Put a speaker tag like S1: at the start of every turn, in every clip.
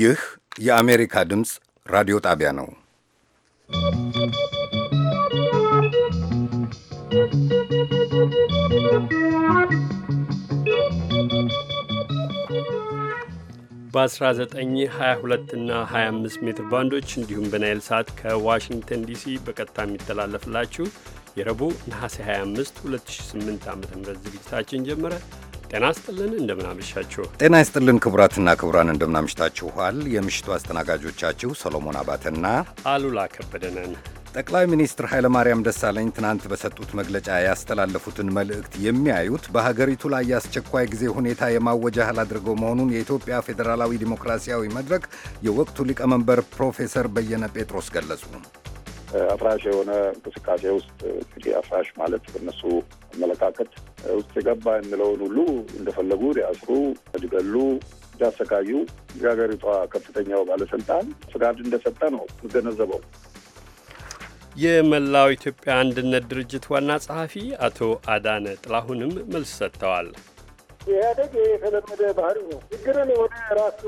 S1: ይህ የአሜሪካ ድምፅ ራዲዮ ጣቢያ ነው።
S2: በ1922 እና 25 ሜትር ባንዶች እንዲሁም በናይል ሳት ከዋሽንግተን ዲሲ በቀጥታ የሚተላለፍላችሁ የረቡዕ ነሐሴ 25 2008 ዓ ም ዝግጅታችን ጀምረ ጤና ይስጥልን እንደምናመሻችሁ።
S1: ጤና ይስጥልን ክቡራትና ክቡራን እንደምናምሽታችኋል። የምሽቱ አስተናጋጆቻችሁ ሰሎሞን አባተና አሉላ ከበደነን። ጠቅላይ ሚኒስትር ኃይለማርያም ደሳለኝ ትናንት በሰጡት መግለጫ ያስተላለፉትን መልእክት የሚያዩት በሀገሪቱ ላይ የአስቸኳይ ጊዜ ሁኔታ የማወጅ ያህል አድርገው መሆኑን የኢትዮጵያ ፌዴራላዊ ዲሞክራሲያዊ መድረክ የወቅቱ ሊቀመንበር ፕሮፌሰር በየነ ጴጥሮስ ገለጹ።
S3: አፍራሽ የሆነ እንቅስቃሴ ውስጥ እንግዲህ አፍራሽ ማለት በነሱ አመለካከት ውስጥ የገባ የሚለውን ሁሉ እንደፈለጉ ሊያስሩ፣ ሊገሉ፣ ሊያሰቃዩ የሀገሪቷ ከፍተኛው ባለስልጣን ፍቃድ እንደሰጠ ነው የምገነዘበው።
S2: የመላው ኢትዮጵያ አንድነት ድርጅት ዋና ጸሐፊ አቶ አዳነ ጥላሁንም መልስ ሰጥተዋል።
S4: ኢህአዴግ የተለመደ ባህሪ ነው። ችግርን ወደ ራስ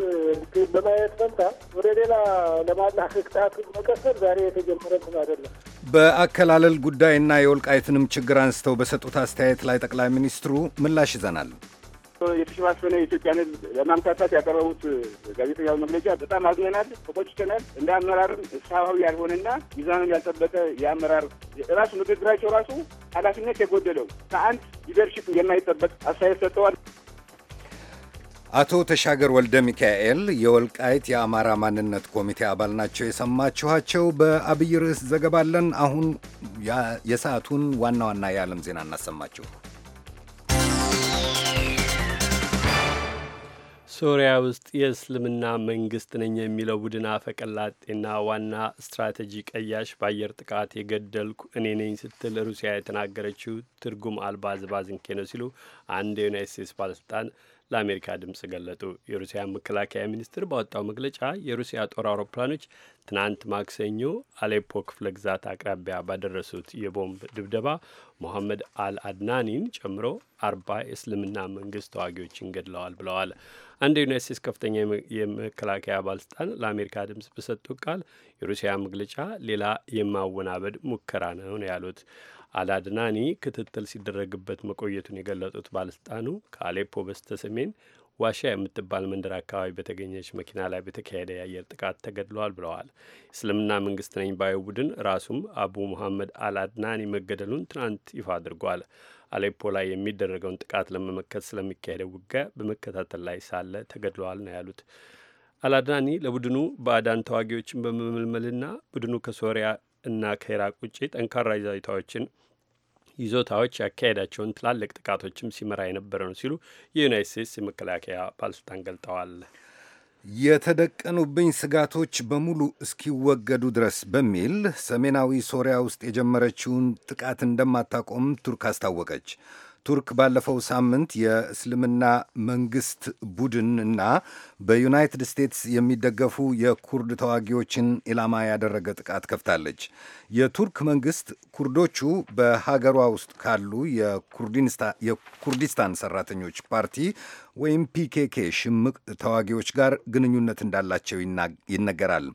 S4: በማየት ፈንታ ወደ ሌላ ለማላክ ቅጣት መቀሰል ዛሬ የተጀመረ እንትን አይደለም።
S1: በአከላለል ጉዳይና የወልቃይትንም ችግር አንስተው በሰጡት አስተያየት ላይ ጠቅላይ ሚኒስትሩ ምላሽ ይዘናል።
S5: የተሸፋፈነ የኢትዮጵያን ህዝብ ለማምታታት ያቀረቡት ጋዜጠኛው መግለጫ በጣም አዝነናል፣ ተቆጭተናል። እንደ አመራርም ሰብአዊ ያልሆነና ሚዛኑን ያልጠበቀ የአመራር ራሱ ንግግራቸው ራሱ ኃላፊነት የጎደለው ከአንድ ሊደርሽፕ የማይጠበቅ አስተያየት ሰጥተዋል።
S1: አቶ ተሻገር ወልደ ሚካኤል የወልቃይት የአማራ ማንነት ኮሚቴ አባል ናቸው የሰማችኋቸው። በአብይ ርዕስ ዘገባ አለን። አሁን የሰዓቱን ዋና ዋና የዓለም ዜና እናሰማችሁ። ሶሪያ
S2: ውስጥ የእስልምና መንግስት ነኝ የሚለው ቡድን አፈቀላጤና ዋና ስትራቴጂ ቀያሽ በአየር ጥቃት የገደልኩ እኔ ነኝ ስትል ሩሲያ የተናገረችው ትርጉም አልባ ዝባዝንኬ ነው ሲሉ አንድ የዩናይት ስቴትስ ባለስልጣን ለአሜሪካ ድምፅ ገለጡ። የሩሲያ መከላከያ ሚኒስትር ባወጣው መግለጫ የሩሲያ ጦር አውሮፕላኖች ትናንት ማክሰኞ አሌፖ ክፍለ ግዛት አቅራቢያ ባደረሱት የቦምብ ድብደባ ሞሐመድ አል አድናኒን ጨምሮ አርባ የእስልምና መንግስት ተዋጊዎችን ገድለዋል ብለዋል። አንድ የዩናይት ስቴትስ ከፍተኛ የመከላከያ ባለስልጣን ለአሜሪካ ድምጽ በሰጡት ቃል የሩሲያ መግለጫ ሌላ የማወናበድ ሙከራ ነው ነው ያሉት። አላድናኒ ክትትል ሲደረግበት መቆየቱን የገለጡት ባለስልጣኑ ከአሌፖ በስተ ሰሜን ዋሻ የምትባል መንደር አካባቢ በተገኘች መኪና ላይ በተካሄደ የአየር ጥቃት ተገድለዋል ብለዋል። እስልምና መንግስት ነኝ ባዩ ቡድን ራሱም አቡ መሐመድ አልአድናኒ መገደሉን ትናንት ይፋ አድርጓል። አሌፖ ላይ የሚደረገውን ጥቃት ለመመከት ስለሚካሄደው ውጊያ በመከታተል ላይ ሳለ ተገድለዋል ነው ያሉት። አላድናኒ ለቡድኑ በአዳን ተዋጊዎችን በመመልመልና ቡድኑ ከሶሪያ እና ከኢራቅ ውጭ ጠንካራ ይዞታዎችን ይዞታዎች ያካሄዳቸውን ትላልቅ ጥቃቶችም ሲመራ የነበረ ነው ሲሉ የዩናይት ስቴትስ የመከላከያ ባለስልጣን ገልጠዋል።
S1: የተደቀኑብኝ ስጋቶች በሙሉ እስኪወገዱ ድረስ በሚል ሰሜናዊ ሶሪያ ውስጥ የጀመረችውን ጥቃት እንደማታቆም ቱርክ አስታወቀች። ቱርክ ባለፈው ሳምንት የእስልምና መንግስት ቡድን እና በዩናይትድ ስቴትስ የሚደገፉ የኩርድ ተዋጊዎችን ኢላማ ያደረገ ጥቃት ከፍታለች። የቱርክ መንግስት ኩርዶቹ በሀገሯ ውስጥ ካሉ የኩርዲስታን ሰራተኞች ፓርቲ ወይም ፒኬኬ ሽምቅ ተዋጊዎች ጋር ግንኙነት እንዳላቸው ይነገራል።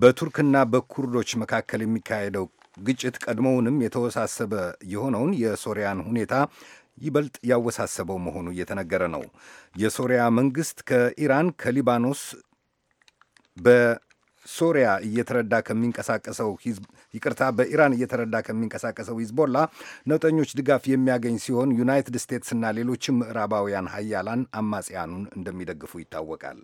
S1: በቱርክና በኩርዶች መካከል የሚካሄደው ግጭት ቀድሞውንም የተወሳሰበ የሆነውን የሶሪያን ሁኔታ ይበልጥ ያወሳሰበው መሆኑ እየተነገረ ነው። የሶሪያ መንግስት ከኢራን ከሊባኖስ በሶሪያ እየተረዳ ከሚንቀሳቀሰው ይቅርታ፣ በኢራን እየተረዳ ከሚንቀሳቀሰው ሂዝቦላ ነውጠኞች ድጋፍ የሚያገኝ ሲሆን ዩናይትድ ስቴትስና ሌሎችም ምዕራባውያን ሀያላን አማጽያኑን እንደሚደግፉ ይታወቃል።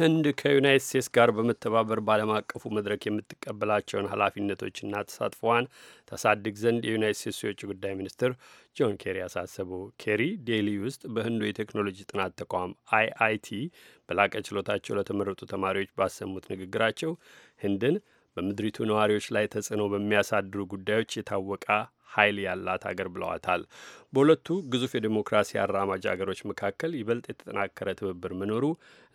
S2: ህንድ ከዩናይት ስቴትስ ጋር በመተባበር በዓለም አቀፉ መድረክ የምትቀበላቸውን ኃላፊነቶችና ተሳትፎዋን ታሳድግ ዘንድ የዩናይት ስቴትስ የውጭ ጉዳይ ሚኒስትር ጆን ኬሪ አሳሰቡ። ኬሪ ዴሊ ውስጥ በህንዱ የቴክኖሎጂ ጥናት ተቋም አይአይቲ በላቀ ችሎታቸው ለተመረጡ ተማሪዎች ባሰሙት ንግግራቸው ህንድን በምድሪቱ ነዋሪዎች ላይ ተጽዕኖ በሚያሳድሩ ጉዳዮች የታወቀ ኃይል ያላት አገር ብለዋታል። በሁለቱ ግዙፍ የዴሞክራሲ አራማጅ አገሮች መካከል ይበልጥ የተጠናከረ ትብብር መኖሩ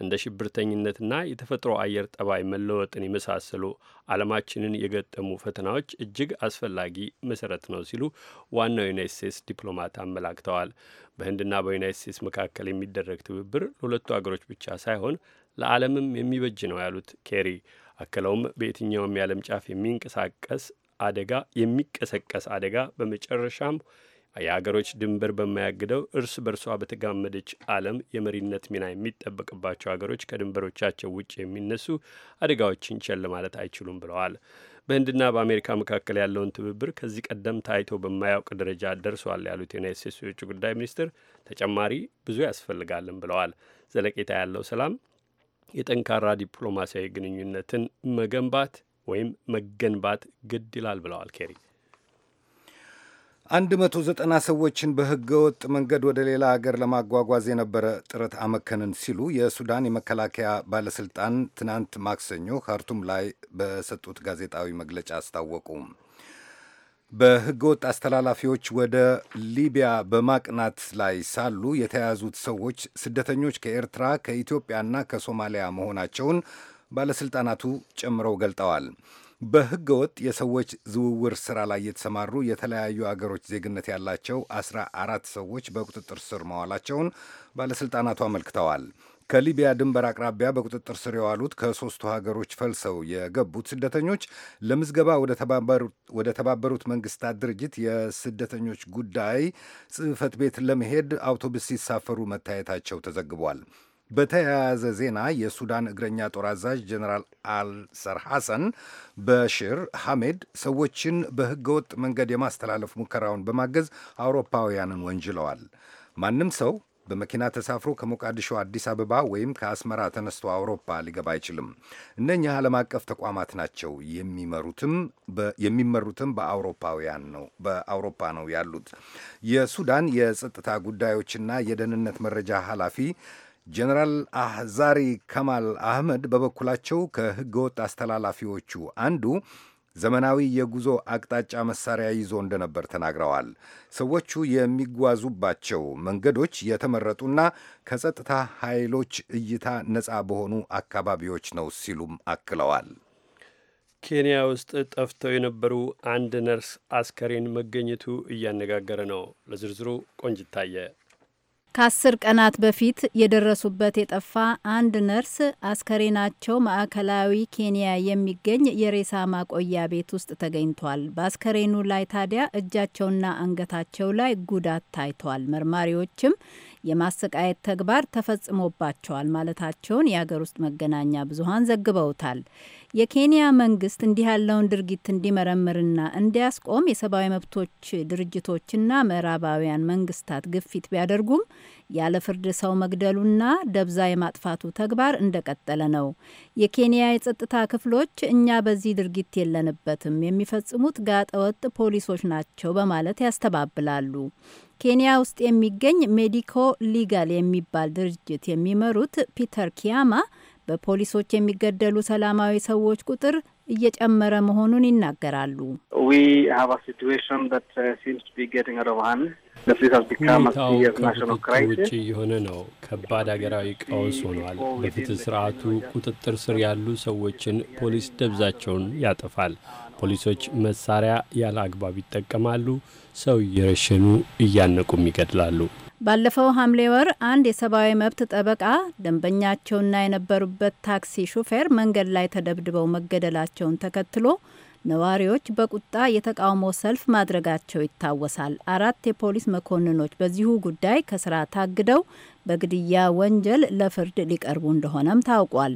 S2: እንደ ሽብርተኝነትና የተፈጥሮ አየር ጠባይ መለወጥን የመሳሰሉ ዓለማችንን የገጠሙ ፈተናዎች እጅግ አስፈላጊ መሰረት ነው ሲሉ ዋናው ዩናይት ስቴትስ ዲፕሎማት አመላክተዋል። በህንድና በዩናይት ስቴትስ መካከል የሚደረግ ትብብር ለሁለቱ አገሮች ብቻ ሳይሆን ለዓለምም የሚበጅ ነው ያሉት ኬሪ አክለውም በየትኛውም የዓለም ጫፍ የሚንቀሳቀስ አደጋ የሚቀሰቀስ አደጋ በመጨረሻም የሀገሮች ድንበር በማያግደው እርስ በርሷ በተጋመደች ዓለም የመሪነት ሚና የሚጠበቅባቸው ሀገሮች ከድንበሮቻቸው ውጭ የሚነሱ አደጋዎችን ቸል ማለት አይችሉም ብለዋል። በህንድና በአሜሪካ መካከል ያለውን ትብብር ከዚህ ቀደም ታይቶ በማያውቅ ደረጃ ደርሷል ያሉት የዩናይት ስቴትስ የውጭ ጉዳይ ሚኒስትር ተጨማሪ ብዙ ያስፈልጋልን ብለዋል። ዘለቄታ ያለው ሰላም የጠንካራ ዲፕሎማሲያዊ ግንኙነትን መገንባት ወይም መገንባት ግድ ይላል ብለዋል ኬሪ።
S1: 190 ሰዎችን በህገወጥ መንገድ ወደ ሌላ አገር ለማጓጓዝ የነበረ ጥረት አመከንን ሲሉ የሱዳን የመከላከያ ባለስልጣን ትናንት ማክሰኞ ካርቱም ላይ በሰጡት ጋዜጣዊ መግለጫ አስታወቁ። በህገወጥ አስተላላፊዎች ወደ ሊቢያ በማቅናት ላይ ሳሉ የተያዙት ሰዎች ስደተኞች ከኤርትራ ከኢትዮጵያና ከሶማሊያ መሆናቸውን ባለሥልጣናቱ ጨምረው ገልጠዋል። በሕገ ወጥ የሰዎች ዝውውር ሥራ ላይ የተሰማሩ የተለያዩ አገሮች ዜግነት ያላቸው አስራ አራት ሰዎች በቁጥጥር ስር መዋላቸውን ባለሥልጣናቱ አመልክተዋል። ከሊቢያ ድንበር አቅራቢያ በቁጥጥር ስር የዋሉት ከሦስቱ ሀገሮች ፈልሰው የገቡት ስደተኞች ለምዝገባ ወደ ተባበሩት መንግስታት ድርጅት የስደተኞች ጉዳይ ጽህፈት ቤት ለመሄድ አውቶቡስ ሲሳፈሩ መታየታቸው ተዘግቧል። በተያያዘ ዜና የሱዳን እግረኛ ጦር አዛዥ ጀኔራል አልሰር ሐሰን በሽር ሐሜድ ሰዎችን በህገወጥ መንገድ የማስተላለፍ ሙከራውን በማገዝ አውሮፓውያንን ወንጅለዋል። ማንም ሰው በመኪና ተሳፍሮ ከሞቃዲሾ አዲስ አበባ ወይም ከአስመራ ተነስቶ አውሮፓ ሊገባ አይችልም። እነኚህ ዓለም አቀፍ ተቋማት ናቸው የሚመሩትም በአውሮፓውያን ነው በአውሮፓ ነው ያሉት የሱዳን የጸጥታ ጉዳዮችና የደህንነት መረጃ ኃላፊ ጀነራል አህዛሪ ከማል አህመድ በበኩላቸው ከህገወጥ አስተላላፊዎቹ አንዱ ዘመናዊ የጉዞ አቅጣጫ መሳሪያ ይዞ እንደነበር ተናግረዋል። ሰዎቹ የሚጓዙባቸው መንገዶች የተመረጡና ከጸጥታ ኃይሎች እይታ ነፃ በሆኑ አካባቢዎች ነው ሲሉም አክለዋል።
S2: ኬንያ ውስጥ ጠፍተው የነበሩ አንድ ነርስ አስከሬን መገኘቱ እያነጋገረ ነው። ለዝርዝሩ ቆንጅታየ
S6: ከአስር ቀናት በፊት የደረሱበት የጠፋ አንድ ነርስ አስከሬናቸው ማዕከላዊ ኬንያ የሚገኝ የሬሳ ማቆያ ቤት ውስጥ ተገኝቷል። በአስከሬኑ ላይ ታዲያ እጃቸውና አንገታቸው ላይ ጉዳት ታይቷል። መርማሪዎችም የማሰቃየት ተግባር ተፈጽሞባቸዋል ማለታቸውን የአገር ውስጥ መገናኛ ብዙሀን ዘግበውታል። የኬንያ መንግስት እንዲህ ያለውን ድርጊት እንዲመረምርና እንዲያስቆም የሰብአዊ መብቶች ድርጅቶችና ምዕራባውያን መንግስታት ግፊት ቢያደርጉም ያለ ፍርድ ሰው መግደሉና ደብዛ የማጥፋቱ ተግባር እንደቀጠለ ነው። የኬንያ የጸጥታ ክፍሎች እኛ በዚህ ድርጊት የለንበትም፣ የሚፈጽሙት ጋጠወጥ ፖሊሶች ናቸው በማለት ያስተባብላሉ። ኬንያ ውስጥ የሚገኝ ሜዲኮ ሊጋል የሚባል ድርጅት የሚመሩት ፒተር ኪያማ በፖሊሶች የሚገደሉ ሰላማዊ ሰዎች ቁጥር እየጨመረ መሆኑን ይናገራሉ።
S5: uh, ሁኔታው ከቁጥጥር ውጭ
S2: የሆነ ነው። ከባድ ሀገራዊ ቀውስ ሆኗል። በፍትህ ስርዓቱ ቁጥጥር ስር ያሉ ሰዎችን ፖሊስ ደብዛቸውን ያጠፋል። ፖሊሶች መሳሪያ ያለ አግባብ ይጠቀማሉ። ሰው እየረሸኑ እያነቁም ይገድላሉ።
S6: ባለፈው ሐምሌ ወር አንድ የሰብአዊ መብት ጠበቃ ደንበኛቸውና የነበሩበት ታክሲ ሹፌር መንገድ ላይ ተደብድበው መገደላቸውን ተከትሎ ነዋሪዎች በቁጣ የተቃውሞ ሰልፍ ማድረጋቸው ይታወሳል። አራት የፖሊስ መኮንኖች በዚሁ ጉዳይ ከስራ ታግደው በግድያ ወንጀል ለፍርድ ሊቀርቡ እንደሆነም ታውቋል።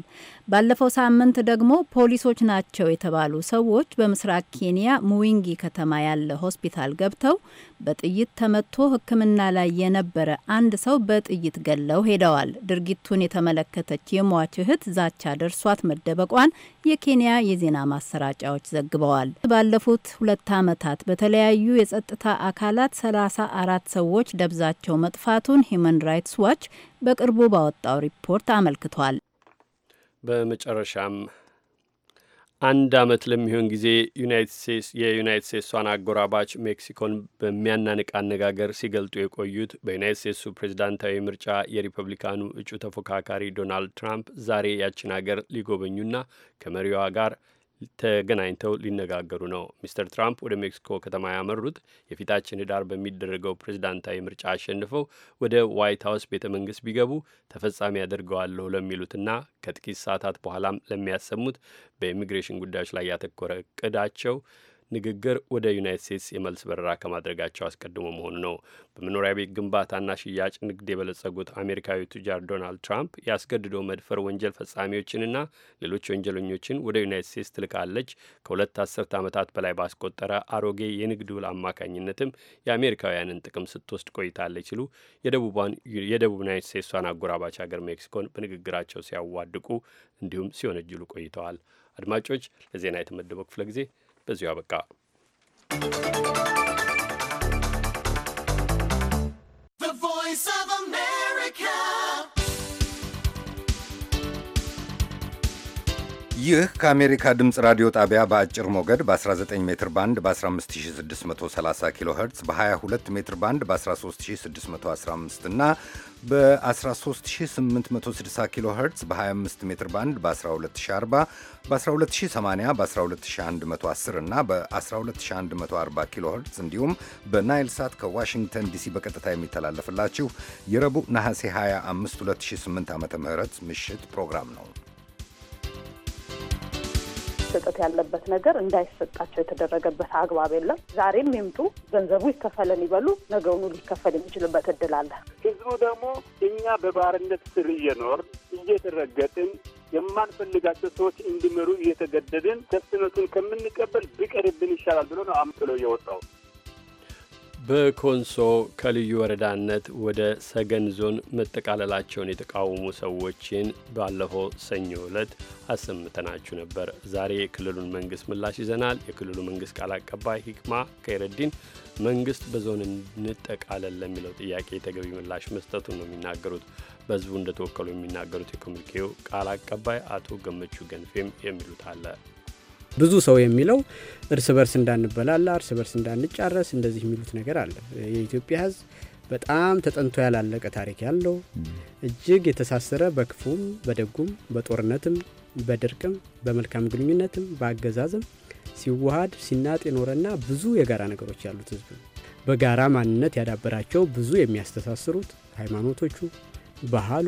S6: ባለፈው ሳምንት ደግሞ ፖሊሶች ናቸው የተባሉ ሰዎች በምስራቅ ኬንያ ሙዊንጊ ከተማ ያለ ሆስፒታል ገብተው በጥይት ተመቶ ሕክምና ላይ የነበረ አንድ ሰው በጥይት ገለው ሄደዋል። ድርጊቱን የተመለከተች የሟች እህት ዛቻ ደርሷት መደበቋን የኬንያ የዜና ማሰራጫዎች ዘግበዋል። ባለፉት ሁለት ዓመታት በተለያዩ የጸጥታ አካላት 34 ሰዎች ደብዛቸው መጥፋቱን ሂዩማን ራይትስ ዋች በቅርቡ ባወጣው ሪፖርት አመልክቷል።
S2: በመጨረሻም አንድ ዓመት ለሚሆን ጊዜ ዩናይትድ ስቴትስ የዩናይት ስቴትሷን አጎራባች ሜክሲኮን በሚያናንቅ አነጋገር ሲገልጡ የቆዩት በዩናይት ስቴትሱ ፕሬዚዳንታዊ ምርጫ የሪፐብሊካኑ እጩ ተፎካካሪ ዶናልድ ትራምፕ ዛሬ ያችን አገር ሊጎበኙና ከመሪዋ ጋር ተገናኝተው ሊነጋገሩ ነው። ሚስተር ትራምፕ ወደ ሜክሲኮ ከተማ ያመሩት የፊታችን ህዳር በሚደረገው ፕሬዝዳንታዊ ምርጫ አሸንፈው ወደ ዋይት ሀውስ ቤተ መንግስት ቢገቡ ተፈጻሚ ያደርገዋለሁ ለሚሉትና ከጥቂት ሰዓታት በኋላም ለሚያሰሙት በኢሚግሬሽን ጉዳዮች ላይ ያተኮረ እቅዳቸው ንግግር ወደ ዩናይት ስቴትስ የመልስ በረራ ከማድረጋቸው አስቀድሞ መሆኑ ነው። በመኖሪያ ቤት ግንባታና ሽያጭ ንግድ የበለጸጉት አሜሪካዊ ቱጃር ዶናልድ ትራምፕ ያስገድደው መድፈር ወንጀል ፈጻሚዎችንና ሌሎች ወንጀለኞችን ወደ ዩናይት ስቴትስ ትልካለች። ከሁለት አስርት ዓመታት በላይ ባስቆጠረ አሮጌ የንግድ ውል አማካኝነትም የአሜሪካውያንን ጥቅም ስትወስድ ቆይታለች ሲሉ የደቡብ ዩናይት ስቴትሷን አጎራባች ሀገር ሜክሲኮን በንግግራቸው ሲያዋድቁ እንዲሁም ሲወነጅሉ ቆይተዋል። አድማጮች ለዜና የተመደበው ክፍለ ጊዜ በዚሁ አበቃ።
S1: ይህ ከአሜሪካ ድምፅ ራዲዮ ጣቢያ በአጭር ሞገድ በ19 ሜትር ባንድ በ15630 ኪሎ ኸርትዝ በ22 ሜትር ባንድ በ13615 እና በ13860 ኪሎ ኸርትዝ በ25 ሜትር ባንድ በ12040 በ12080 በ12110 እና በ12140 ኪሎ ኸርትዝ እንዲሁም በናይል ሳት ከዋሽንግተን ዲሲ በቀጥታ የሚተላለፍላችሁ የረቡዕ ነሐሴ 25 2008 ዓ ም ምሽት ፕሮግራም ነው።
S7: መሰጠት ያለበት ነገር እንዳይሰጣቸው የተደረገበት አግባብ የለም። ዛሬም ይምጡ፣ ገንዘቡ ይከፈለን ይበሉ፣ ነገውኑ ሊከፈል የሚችልበት እድል አለ።
S5: ህዝቡ ደግሞ እኛ በባርነት ስር እየኖር እየተረገጥን የማንፈልጋቸው ሰዎች እንዲመሩ እየተገደድን ተስነቱን ከምንቀበል ቢቀርብን ይሻላል ብሎ ነው አምጥሎ የወጣው።
S2: በኮንሶ ከልዩ ወረዳነት ወደ ሰገን ዞን መጠቃለላቸውን የተቃወሙ ሰዎችን ባለፈው ሰኞ ዕለት አሰምተናችሁ ነበር። ዛሬ የክልሉን መንግስት ምላሽ ይዘናል። የክልሉ መንግስት ቃል አቀባይ ሂክማ ከይረዲን መንግስት በዞን እንጠቃለል ለሚለው ጥያቄ ተገቢ ምላሽ መስጠቱን ነው የሚናገሩት። በህዝቡ እንደተወከሉ የሚናገሩት የኮሚኒኬው ቃል አቀባይ አቶ ገመቹ ገንፌም የሚሉት አለ
S8: ብዙ ሰው የሚለው እርስ በርስ እንዳንበላላ፣ እርስ በርስ እንዳንጫረስ እንደዚህ የሚሉት ነገር አለ። የኢትዮጵያ ህዝብ በጣም ተጠንቶ ያላለቀ ታሪክ ያለው እጅግ የተሳሰረ በክፉም በደጉም በጦርነትም በድርቅም በመልካም ግንኙነትም በአገዛዝም ሲዋሃድ ሲናጥ የኖረና ብዙ የጋራ ነገሮች ያሉት ህዝብ በጋራ ማንነት ያዳበራቸው ብዙ የሚያስተሳስሩት ሃይማኖቶቹ፣ ባህሉ፣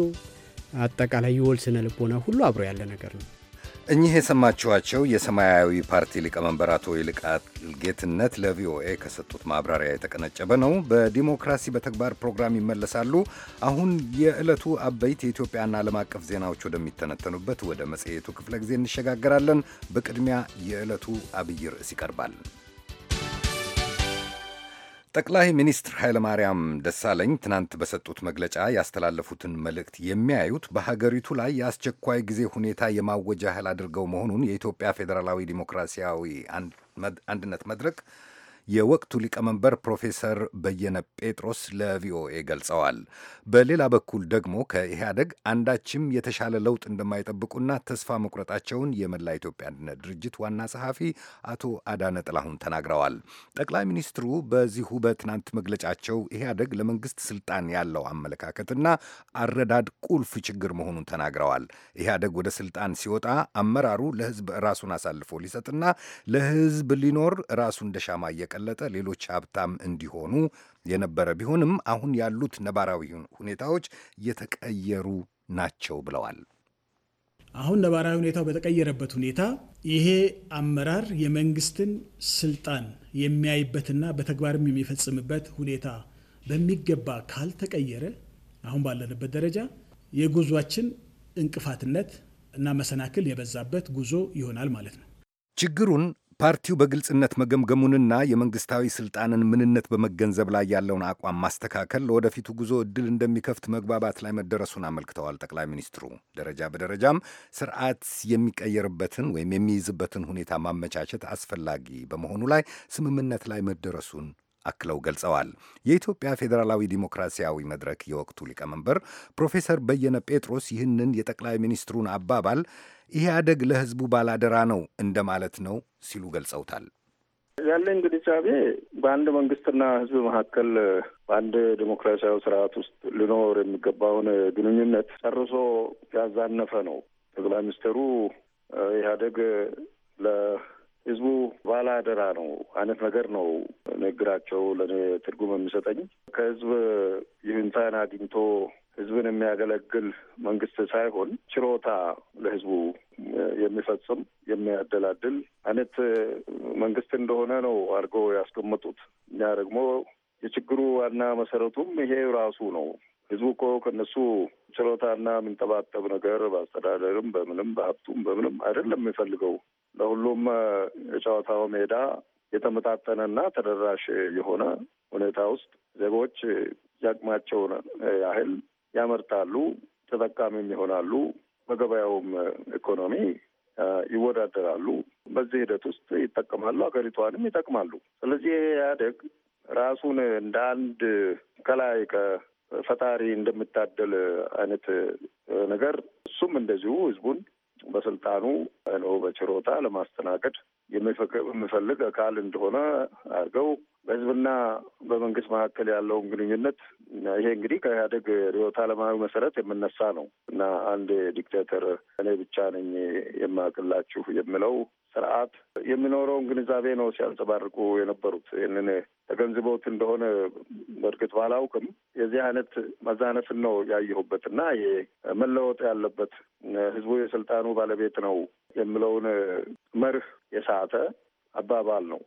S8: አጠቃላይ የወል ስነ ልቦና ሁሉ አብሮ ያለ ነገር ነው።
S1: እኚህ የሰማችኋቸው የሰማያዊ ፓርቲ ሊቀመንበር አቶ ይልቃል ጌትነት ለቪኦኤ ከሰጡት ማብራሪያ የተቀነጨበ ነው። በዲሞክራሲ በተግባር ፕሮግራም ይመለሳሉ። አሁን የዕለቱ አበይት የኢትዮጵያና ዓለም አቀፍ ዜናዎች ወደሚተነተኑበት ወደ መጽሔቱ ክፍለ ጊዜ እንሸጋገራለን። በቅድሚያ የዕለቱ አብይ ርዕስ ይቀርባል። ጠቅላይ ሚኒስትር ኃይለማርያም ደሳለኝ ትናንት በሰጡት መግለጫ ያስተላለፉትን መልእክት የሚያዩት በሀገሪቱ ላይ የአስቸኳይ ጊዜ ሁኔታ የማወጃ ያህል አድርገው መሆኑን የኢትዮጵያ ፌዴራላዊ ዲሞክራሲያዊ አንድነት መድረክ የወቅቱ ሊቀመንበር ፕሮፌሰር በየነ ጴጥሮስ ለቪኦኤ ገልጸዋል። በሌላ በኩል ደግሞ ከኢህአደግ አንዳችም የተሻለ ለውጥ እንደማይጠብቁና ተስፋ መቁረጣቸውን የመላ ኢትዮጵያ አንድነት ድርጅት ዋና ጸሐፊ አቶ አዳነ ጥላሁን ተናግረዋል። ጠቅላይ ሚኒስትሩ በዚሁ በትናንት መግለጫቸው ኢህአደግ ለመንግስት ስልጣን ያለው አመለካከትና አረዳድ ቁልፍ ችግር መሆኑን ተናግረዋል። ኢህአደግ ወደ ስልጣን ሲወጣ አመራሩ ለህዝብ ራሱን አሳልፎ ሊሰጥና ለህዝብ ሊኖር ራሱ እንደ ሻማ እየቀ የተቀለጠ ሌሎች ሀብታም እንዲሆኑ የነበረ ቢሆንም አሁን ያሉት ነባራዊ ሁኔታዎች የተቀየሩ ናቸው ብለዋል።
S9: አሁን ነባራዊ ሁኔታው በተቀየረበት ሁኔታ ይሄ አመራር የመንግስትን ስልጣን የሚያይበትና በተግባርም የሚፈጽምበት ሁኔታ በሚገባ ካልተቀየረ አሁን ባለንበት ደረጃ የጉዟችን እንቅፋትነት እና መሰናክል የበዛበት ጉዞ ይሆናል ማለት ነው።
S1: ችግሩን ፓርቲው በግልጽነት መገምገሙንና የመንግስታዊ ስልጣንን ምንነት በመገንዘብ ላይ ያለውን አቋም ማስተካከል ለወደፊቱ ጉዞ እድል እንደሚከፍት መግባባት ላይ መደረሱን አመልክተዋል። ጠቅላይ ሚኒስትሩ ደረጃ በደረጃም ስርዓት የሚቀየርበትን ወይም የሚይዝበትን ሁኔታ ማመቻቸት አስፈላጊ በመሆኑ ላይ ስምምነት ላይ መደረሱን አክለው ገልጸዋል። የኢትዮጵያ ፌዴራላዊ ዲሞክራሲያዊ መድረክ የወቅቱ ሊቀመንበር ፕሮፌሰር በየነ ጴጥሮስ ይህንን የጠቅላይ ሚኒስትሩን አባባል ኢህአደግ ለህዝቡ ባላደራ ነው እንደማለት ነው ሲሉ ገልጸውታል።
S5: ያለኝ ግንዛቤ
S3: በአንድ መንግስትና ህዝብ መካከል በአንድ ዲሞክራሲያዊ ስርዓት ውስጥ ሊኖር የሚገባውን ግንኙነት ጨርሶ ያዛነፈ ነው። ጠቅላይ ሚኒስትሩ ኢህአዴግ ህዝቡ ባለአደራ ነው አይነት ነገር ነው ንግግራቸው ለእኔ ትርጉም የሚሰጠኝ። ከህዝብ ይሁንታን አግኝቶ ህዝብን የሚያገለግል መንግስት ሳይሆን ችሮታ ለህዝቡ የሚፈጽም የሚያደላድል አይነት መንግስት እንደሆነ ነው አድርገው ያስቀመጡት። እኛ ደግሞ የችግሩ ዋና መሰረቱም ይሄ ራሱ ነው። ህዝቡ እኮ ከነሱ ችሎታና የሚንጠባጠብ ነገር በአስተዳደርም፣ በምንም፣ በሀብቱም፣ በምንም አይደለም የሚፈልገው ለሁሉም የጨዋታው ሜዳ የተመጣጠነና ተደራሽ የሆነ ሁኔታ ውስጥ ዜጎች ያቅማቸውን ያህል ያመርታሉ፣ ተጠቃሚም ይሆናሉ፣ በገበያውም ኢኮኖሚ ይወዳደራሉ። በዚህ ሂደት ውስጥ ይጠቀማሉ፣ ሀገሪቷንም ይጠቅማሉ። ስለዚህ ያደግ ኢህአዴግ ራሱን እንደ አንድ ከላይ ከፈጣሪ እንደሚታደል አይነት ነገር እሱም እንደዚሁ ህዝቡን በስልጣኑ ነው በችሮታ ለማስተናገድ የሚፈልግ አካል እንደሆነ አድርገው በህዝብና በመንግስት መካከል ያለውን ግንኙነት ይሄ እንግዲህ ከኢህአደግ ርዕዮተ ዓለማዊ መሰረት የምነሳ ነው እና አንድ ዲክቴተር እኔ ብቻ ነኝ የማቅላችሁ የምለው ስርዓት የሚኖረውን ግንዛቤ ነው ሲያንጸባርቁ የነበሩት። ይህንን ተገንዝቦት እንደሆነ በእርግጥ ባላውቅም የዚህ አይነት መዛነፍን ነው ያየሁበት እና ይሄ መለወጥ ያለበት ህዝቡ የስልጣኑ ባለቤት ነው የሚለውን መርህ የሳተ አባባል ነው።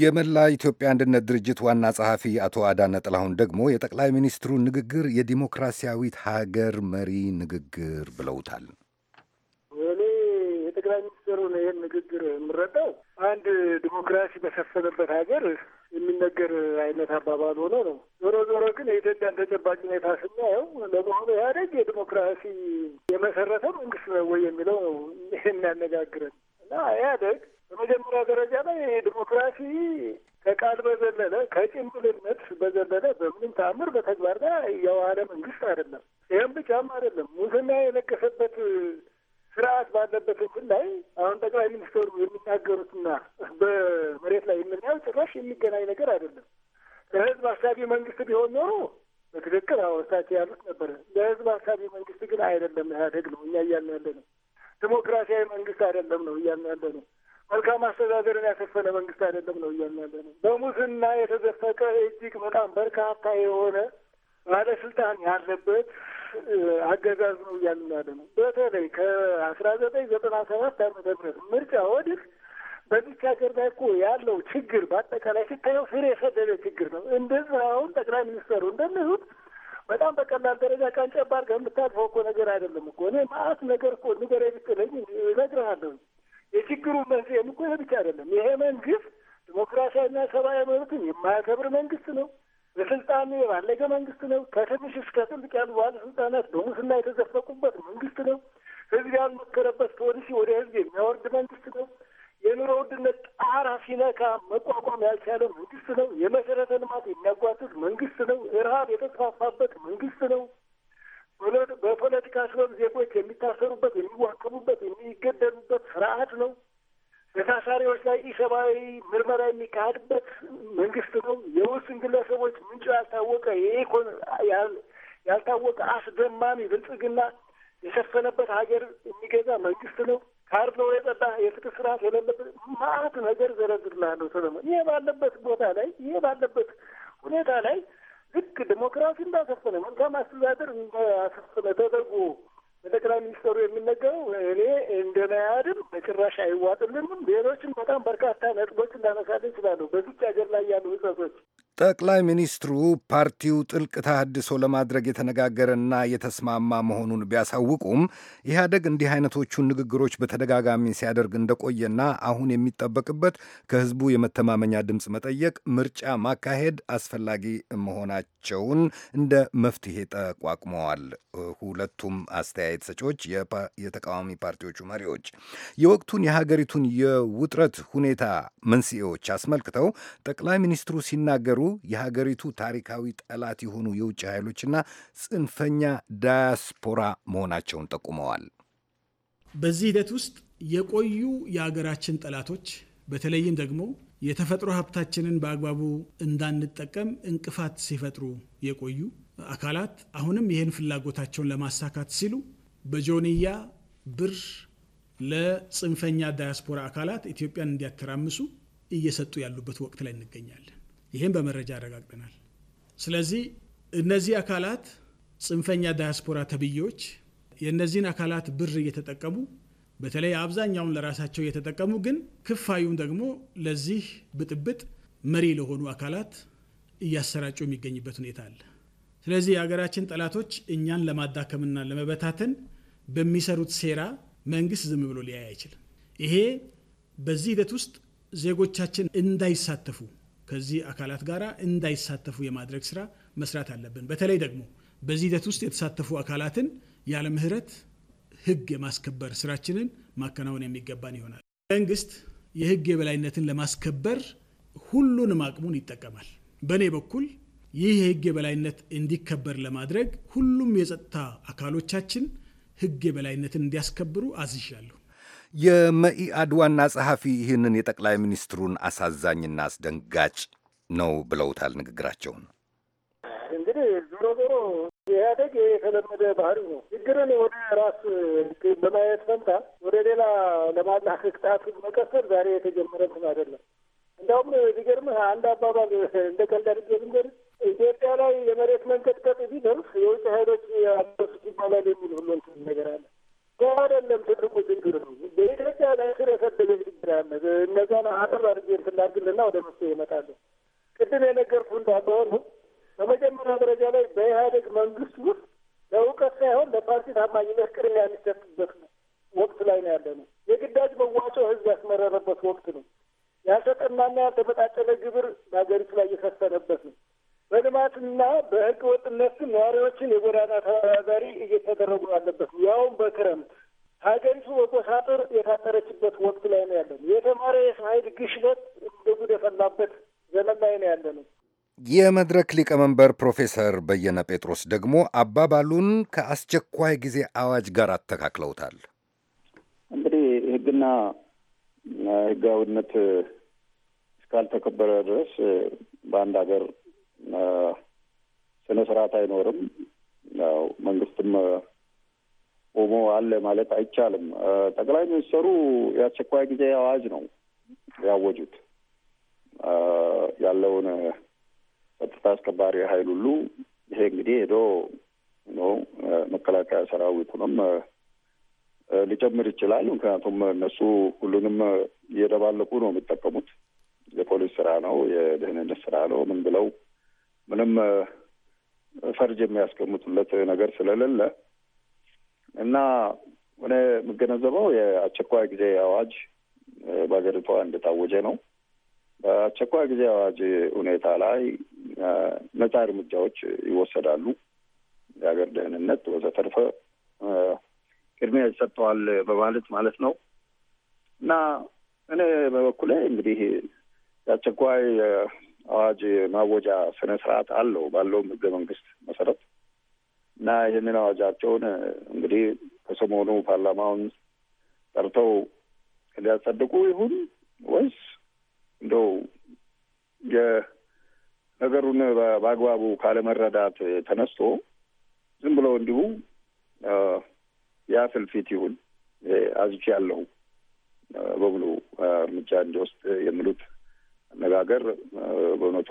S1: የመላ ኢትዮጵያ አንድነት ድርጅት ዋና ጸሐፊ አቶ አዳነ ጥላሁን ደግሞ የጠቅላይ ሚኒስትሩ ንግግር የዲሞክራሲያዊት ሀገር መሪ ንግግር ብለውታል።
S4: ጥሩ ነው። ይህን ንግግር የምረዳው አንድ ዲሞክራሲ በሰፈነበት ሀገር የሚነገር አይነት አባባል ሆኖ ነው። ዞሮ ዞሮ ግን የኢትዮጵያን ተጨባጭ ሁኔታ ስናየው ለመሆኑ ኢህአዴግ የዲሞክራሲ የመሰረተው መንግስት ነው ወይ የሚለው ነው የሚያነጋግረን
S8: እና ኢህአዴግ
S4: በመጀመሪያ ደረጃ ላይ ዲሞክራሲ ከቃል በዘለለ ከጭምብልነት በዘለለ በምንም ተአምር በተግባር ላይ የዋለ መንግስት አይደለም። ይህም ብቻም አይደለም ሙስና የነገሰበት ስርዓት ባለበት እኩል ላይ አሁን ጠቅላይ ሚኒስትሩ የሚናገሩትና በመሬት ላይ የምናየው ጭራሽ የሚገናኝ ነገር አይደለም። ለህዝብ አሳቢ መንግስት ቢሆን ኖሮ በትክክል አወሳቸው ያሉት ነበር። ለህዝብ አሳቢ መንግስት ግን አይደለም ኢህአዴግ ነው እኛ እያልን ያለ ነው። ዲሞክራሲያዊ መንግስት አይደለም ነው እያልን ያለ ነው። መልካም አስተዳደርን ያሰፈነ መንግስት አይደለም ነው እያልን ያለ ነው። በሙስና የተዘፈቀ እጅግ በጣም በርካታ የሆነ ባለስልጣን ያለበት አገዛዝ ነው እያሉ ያለ ነው። በተለይ ከአስራ ዘጠኝ ዘጠና ሰባት ዓመተ ምህረት ምርጫ ወዲህ በዚች ሀገር ላይ እኮ ያለው ችግር በአጠቃላይ ሲታየው ስር የሰደደ ችግር ነው። እንደዚህ አሁን ጠቅላይ ሚኒስተሩ እንደሚሉት በጣም በቀላል ደረጃ ቀንጨብ አድርገህ የምታልፈው እኮ ነገር አይደለም እኮ እኔ ማአት ነገር እኮ ንገረኝ ብትለኝ እነግርሃለሁ። የችግሩ መንስኤም እኮ ይሄ ብቻ አይደለም። ይሄ መንግስት ዲሞክራሲያዊና ሰብአዊ መብትን የማያከብር መንግስት ነው። የስልጣን ባለገ መንግስት ነው። ከትንሽ እስከ ትልቅ ያሉ ባለስልጣናት በሙስና የተዘፈቁበት መንግስት ነው። ህዝብ ያልመከረበት ፖሊሲ ወደ ህዝብ የሚያወርድ መንግስት ነው። የኑሮ ውድነት ጣራ ሲነካ መቋቋም ያልቻለ መንግስት ነው። የመሰረተ ልማት የሚያጓትት መንግስት ነው። እርሃብ የተስፋፋበት መንግስት ነው። በፖለቲካ ስበብ ዜጎች የሚታሰሩበት፣ የሚዋከቡበት፣ የሚገደሉበት ስርዓት ነው። በታሳሪዎች ላይ ኢሰብአዊ ምርመራ የሚካሄድበት መንግስት ነው። የውስን ግለሰቦች ምንጩ ያልታወቀ የኢኮን ያልታወቀ አስደማሚ ብልጽግና የሰፈነበት ሀገር የሚገዛ መንግስት ነው። ካርዶ የጠጣ የፍትህ ስርዓት የሌለበት ማአት ነገር ዘረዝርላለሁ ሰለሞን። ይሄ ባለበት ቦታ ላይ ይሄ ባለበት ሁኔታ ላይ ልክ ዲሞክራሲ እንዳሰፈነ መልካም አስተዳደር እንዳሰፈነ ተደርጎ ጠቅላይ ሚኒስትሩ የሚነገረው እኔ እንደ መያድም በጭራሽ አይዋጥልንም። ሌሎችም በጣም በርካታ ነጥቦች እንዳነሳለ ይችላሉ። በዚች ሀገር ላይ ያሉ ህጸቶች
S1: ጠቅላይ ሚኒስትሩ ፓርቲው ጥልቅ ተሃድሶ ለማድረግ የተነጋገረና የተስማማ መሆኑን ቢያሳውቁም ኢህአደግ እንዲህ አይነቶቹን ንግግሮች በተደጋጋሚ ሲያደርግ እንደቆየና አሁን የሚጠበቅበት ከህዝቡ የመተማመኛ ድምፅ መጠየቅ፣ ምርጫ ማካሄድ አስፈላጊ መሆናቸውን እንደ መፍትሄ ጠቋቁመዋል። ሁለቱም አስተያየት ሰጪዎች የተቃዋሚ ፓርቲዎቹ መሪዎች የወቅቱን የሀገሪቱን የውጥረት ሁኔታ መንስኤዎች አስመልክተው ጠቅላይ ሚኒስትሩ ሲናገሩ የሀገሪቱ ታሪካዊ ጠላት የሆኑ የውጭ ኃይሎችና ጽንፈኛ ዳያስፖራ መሆናቸውን ጠቁመዋል።
S9: በዚህ ሂደት ውስጥ የቆዩ የሀገራችን ጠላቶች በተለይም ደግሞ የተፈጥሮ ሀብታችንን በአግባቡ እንዳንጠቀም እንቅፋት ሲፈጥሩ የቆዩ አካላት አሁንም ይህን ፍላጎታቸውን ለማሳካት ሲሉ በጆንያ ብር ለጽንፈኛ ዳያስፖራ አካላት ኢትዮጵያን እንዲያተራምሱ እየሰጡ ያሉበት ወቅት ላይ እንገኛለን። ይህም በመረጃ አረጋግጠናል። ስለዚህ እነዚህ አካላት ጽንፈኛ ዳያስፖራ ተብዬዎች የእነዚህን አካላት ብር እየተጠቀሙ በተለይ አብዛኛውን ለራሳቸው እየተጠቀሙ ግን ክፋዩም ደግሞ ለዚህ ብጥብጥ መሪ ለሆኑ አካላት እያሰራጩ የሚገኝበት ሁኔታ አለ። ስለዚህ የሀገራችን ጠላቶች እኛን ለማዳከምና ለመበታተን በሚሰሩት ሴራ መንግስት ዝም ብሎ ሊያይ አይችልም። ይሄ በዚህ ሂደት ውስጥ ዜጎቻችን እንዳይሳተፉ ከዚህ አካላት ጋር እንዳይሳተፉ የማድረግ ስራ መስራት አለብን። በተለይ ደግሞ በዚህ ሂደት ውስጥ የተሳተፉ አካላትን ያለ ምህረት ህግ የማስከበር ስራችንን ማከናወን የሚገባን ይሆናል። መንግስት የህግ የበላይነትን ለማስከበር ሁሉንም አቅሙን ይጠቀማል። በእኔ በኩል ይህ የህግ የበላይነት እንዲከበር ለማድረግ ሁሉም የጸጥታ አካሎቻችን ህግ የበላይነትን እንዲያስከብሩ
S1: አዝዣለሁ። የመኢአድ ዋና ጸሐፊ ይህንን የጠቅላይ ሚኒስትሩን አሳዛኝና አስደንጋጭ ነው ብለውታል ንግግራቸውን።
S4: እንግዲህ ዞሮ ዞሮ ኢህአዴግ የተለመደ ባህሪ ነው። ችግርን ወደ ራስ በማየት ፈንታ ወደ ሌላ ለማላክ ቅጣት መቀሰር ዛሬ የተጀመረ እንትን አይደለም። እንዲያውም ቢገርምህ አንድ አባባል እንደ ቀልድ አድርጌ ልንገርህ ኢትዮጵያ ላይ የመሬት መንቀጥቀጥ ቢደርስ የውጭ ሀይሎች ያደረሱት ይባላል የሚል ሁሉ እንትን ነገር አለ። አይደለም ትልቁ ችግር ነው። በኢትዮጵያ ላይ ስር የሰደገ ችግር አለ። እነዛን አጠር አድርጌ ስላግልና ወደ መፍትሄ ይመጣለሁ። ቅድም የነገርኩ እንዳልሆኑ በመጀመሪያ ደረጃ ላይ በኢህአዴግ መንግስት ውስጥ ለእውቀት ሳይሆን ለፓርቲ ታማኝነት ቅድሚያ የሚሰጥበት ነው ወቅት ላይ ነው ያለ ነው። የግዳጅ መዋጮ ህዝብ ያስመረረበት ወቅት ነው። ያልተጠናና ያልተመጣጠነ ግብር በሀገሪቱ ላይ እየሰፈነበት ነው። በልማትና በህገ ወጥነት ነዋሪዎችን የጎዳና ተባባሪ እየተደረጉ ያለበት ያውም በክረምት ሀገሪቱ በቆሳጥር የታጠረችበት ወቅት ላይ ነው ያለ ነው። የተማረ የሰው ግሽበት እንደ ጉድ የፈላበት ዘመን ላይ ነው ያለ ነው።
S1: የመድረክ ሊቀመንበር ፕሮፌሰር በየነ ጴጥሮስ ደግሞ አባባሉን ከአስቸኳይ ጊዜ አዋጅ ጋር አተካክለውታል።
S3: እንግዲህ ህግና ህጋዊነት እስካልተከበረ ድረስ በአንድ ሀገር ስነ ስርዓት አይኖርም። ያው መንግስትም ቆሞ አለ ማለት አይቻልም። ጠቅላይ ሚኒስትሩ የአስቸኳይ ጊዜ አዋጅ ነው ያወጁት። ያለውን ጸጥታ አስከባሪ ኃይል ሁሉ ይሄ እንግዲህ ሄዶ ነው መከላከያ ሰራዊቱንም ሊጨምር ይችላል። ምክንያቱም እነሱ ሁሉንም እየደባለቁ ነው የሚጠቀሙት። የፖሊስ ስራ ነው፣ የደህንነት ስራ ነው። ምን ብለው ምንም ፈርጅ የሚያስቀምጡለት ነገር ስለሌለ እና እኔ የምገነዘበው የአስቸኳይ ጊዜ አዋጅ በሀገሪቷ እንደታወጀ ነው። በአስቸኳይ ጊዜ አዋጅ ሁኔታ ላይ ነጻ እርምጃዎች ይወሰዳሉ። የሀገር ደህንነት ወዘተርፈ ቅድሚያ ይሰጠዋል በማለት ማለት ነው እና እኔ በበኩሌ እንግዲህ የአስቸኳይ አዋጅ ማወጃ ስነ ስርዓት አለው ባለውም ህገ መንግስት መሰረት እና ይህንን አዋጃቸውን እንግዲህ ከሰሞኑ ፓርላማውን ጠርተው እንዲያጸድቁ ይሁን ወይስ እንደው የነገሩን በአግባቡ ካለመረዳት ተነስቶ ዝም ብለው እንዲሁ የአፍልፊት ይሁን አዝቼ ያለው በሙሉ እርምጃ እንዲወስድ የሚሉት አነጋገር በእውነቱ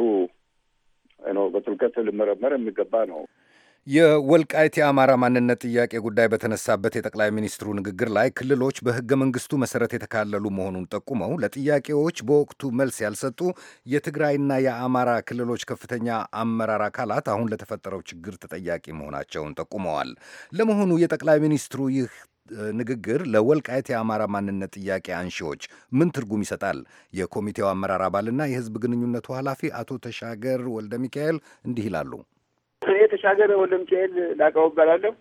S3: በጥልቀት ልመረመር የሚገባ ነው።
S1: የወልቃይት የአማራ ማንነት ጥያቄ ጉዳይ በተነሳበት የጠቅላይ ሚኒስትሩ ንግግር ላይ ክልሎች በሕገ መንግስቱ መሰረት የተካለሉ መሆኑን ጠቁመው ለጥያቄዎች በወቅቱ መልስ ያልሰጡ የትግራይና የአማራ ክልሎች ከፍተኛ አመራር አካላት አሁን ለተፈጠረው ችግር ተጠያቂ መሆናቸውን ጠቁመዋል። ለመሆኑ የጠቅላይ ሚኒስትሩ ይህ ንግግር ለወልቃይት የአማራ ማንነት ጥያቄ አንሺዎች ምን ትርጉም ይሰጣል? የኮሚቴው አመራር አባልና የህዝብ ግንኙነቱ ኃላፊ አቶ ተሻገር ወልደ ሚካኤል እንዲህ ይላሉ።
S5: እኔ ተሻገር ወልደ ሚካኤል ላቀው እባላለሁ።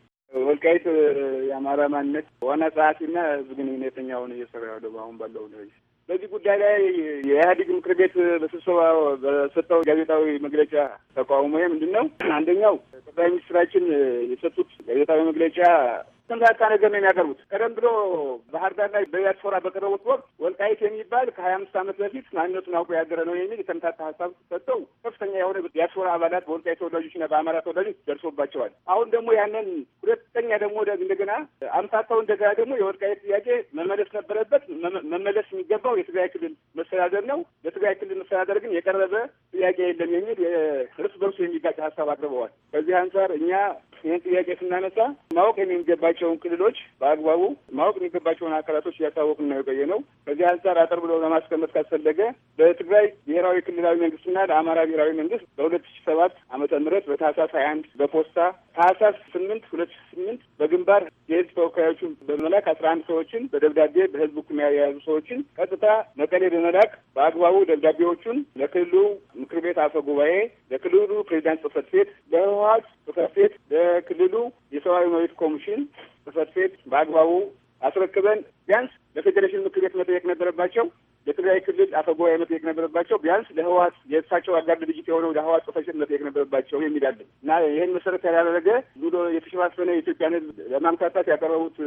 S5: ወልቃይት የአማራ ማንነት ዋና ጸሐፊና ህዝብ ግንኙነተኛውን እየሰራ ያለው አሁን ባለው በዚህ ጉዳይ ላይ የኢህአዴግ ምክር ቤት በስብሰባ በሰጠው ጋዜጣዊ መግለጫ ተቃውሞ ምንድን ነው? አንደኛው ጠቅላይ ሚኒስትራችን የሰጡት ጋዜጣዊ መግለጫ ስንታጣ ነገር ነው የሚያቀርቡት። ቀደም ብሎ ባህር ላይ በዲያስፖራ በቀረቡት ወቅት ወልቃይት የሚባል ከሀያ አምስት ዓመት በፊት ማንነቱን አውቆ ያገረ ነው የሚል የተምታታ ሀሳብ ሰጥተው ከፍተኛ የሆነ ዲያስፖራ አባላት በወልቃይት ተወላጆችና በአማራ ተወላጆች ደርሶባቸዋል። አሁን ደግሞ ያንን ሁለተኛ ደግሞ እንደገና አምታታው እንደገና ደግሞ የወልቃይት ጥያቄ መመለስ ነበረበት። መመለስ የሚገባው የትግራይ ክልል መስተዳደር ነው። ለትግራይ ክልል መስተዳደር ግን የቀረበ ጥያቄ የለም የሚል እርስ በርሱ የሚጋጭ ሀሳብ አቅርበዋል። ከዚህ አንጻር እኛ ይህን ጥያቄ ስናነሳ ማወቅ የሚገባ የሚገባቸውን ክልሎች በአግባቡ ማወቅ የሚገባቸውን አካላቶች እያሳወቅን ነው የቆየ ነው። ከዚህ አንጻር አጠር ብሎ ለማስቀመጥ ካስፈለገ በትግራይ ብሔራዊ ክልላዊ መንግስትና ለአማራ ብሔራዊ መንግስት በሁለት ሺ ሰባት ዓመተ ምህረት በታህሳስ ሀያ አንድ በፖስታ ታህሳስ ስምንት ሁለት ሺ ስምንት በግንባር የህዝብ ተወካዮችን በመላክ አስራ አንድ ሰዎችን በደብዳቤ በህዝብ ኩሚያ የያዙ ሰዎችን ቀጥታ መቀሌ በመላክ በአግባቡ ደብዳቤዎቹን ለክልሉ ምክር ቤት አፈ ጉባኤ፣ ለክልሉ ፕሬዚዳንት ጽህፈት ቤት፣ ለህወሀት ጽህፈት ቤት፣ ለክልሉ የሰብአዊ መብት ኮሚሽን ጽሕፈት ቤት በአግባቡ አስረክበን ቢያንስ ለፌዴሬሽን ምክር ቤት መጠየቅ ነበረባቸው። ለትግራይ ክልል አፈጉባኤ መጠየቅ ነበረባቸው። ቢያንስ ለህወሓት የእሳቸው አጋር ድርጅት የሆነው ለህዋት ጽሕፈት ቤት መጠየቅ ነበረባቸው የሚላለን እና ይህን መሰረት ያላደረገ ብሎ የተሸፋፈነ የኢትዮጵያን ህዝብ ለማምታታት ያቀረቡት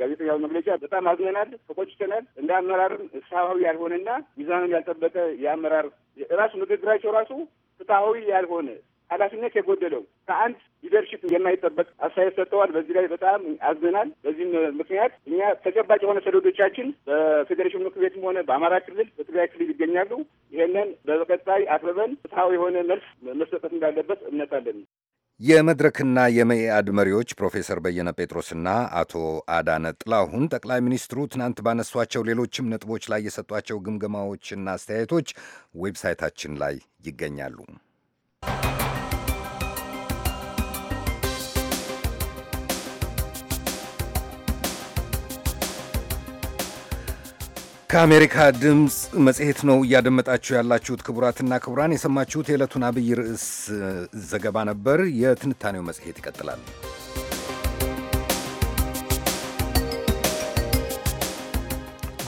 S5: ጋዜጠኛ መግለጫ በጣም አዝነናል፣ ተቆጭተናል። እንደ አመራርም ፍትሐዊ ያልሆነና ሚዛኑን ያልጠበቀ የአመራር ራሱ ንግግራቸው ራሱ ፍትሐዊ ያልሆነ ኃላፊነት የጎደለው ከአንድ ሊደርሽፕ የማይጠበቅ አስተያየት ሰጥተዋል። በዚህ ላይ በጣም አዝነናል። በዚህም ምክንያት እኛ ተጨባጭ የሆነ ሰደዶቻችን በፌዴሬሽን ምክር ቤትም ሆነ በአማራ ክልል፣ በትግራይ ክልል ይገኛሉ። ይህንን በቀጣይ አቅርበን ፍትሐዊ የሆነ መልስ መሰጠት እንዳለበት እምነት አለን።
S1: የመድረክና የመኢአድ መሪዎች ፕሮፌሰር በየነ ጴጥሮስና አቶ አዳነ ጥላሁን ጠቅላይ ሚኒስትሩ ትናንት ባነሷቸው ሌሎችም ነጥቦች ላይ የሰጧቸው ግምገማዎችና አስተያየቶች ዌብሳይታችን ላይ ይገኛሉ። ከአሜሪካ ድምፅ መጽሔት ነው እያደመጣችሁ ያላችሁት። ክቡራትና ክቡራን የሰማችሁት የዕለቱን አብይ ርዕስ ዘገባ ነበር። የትንታኔው መጽሔት ይቀጥላል።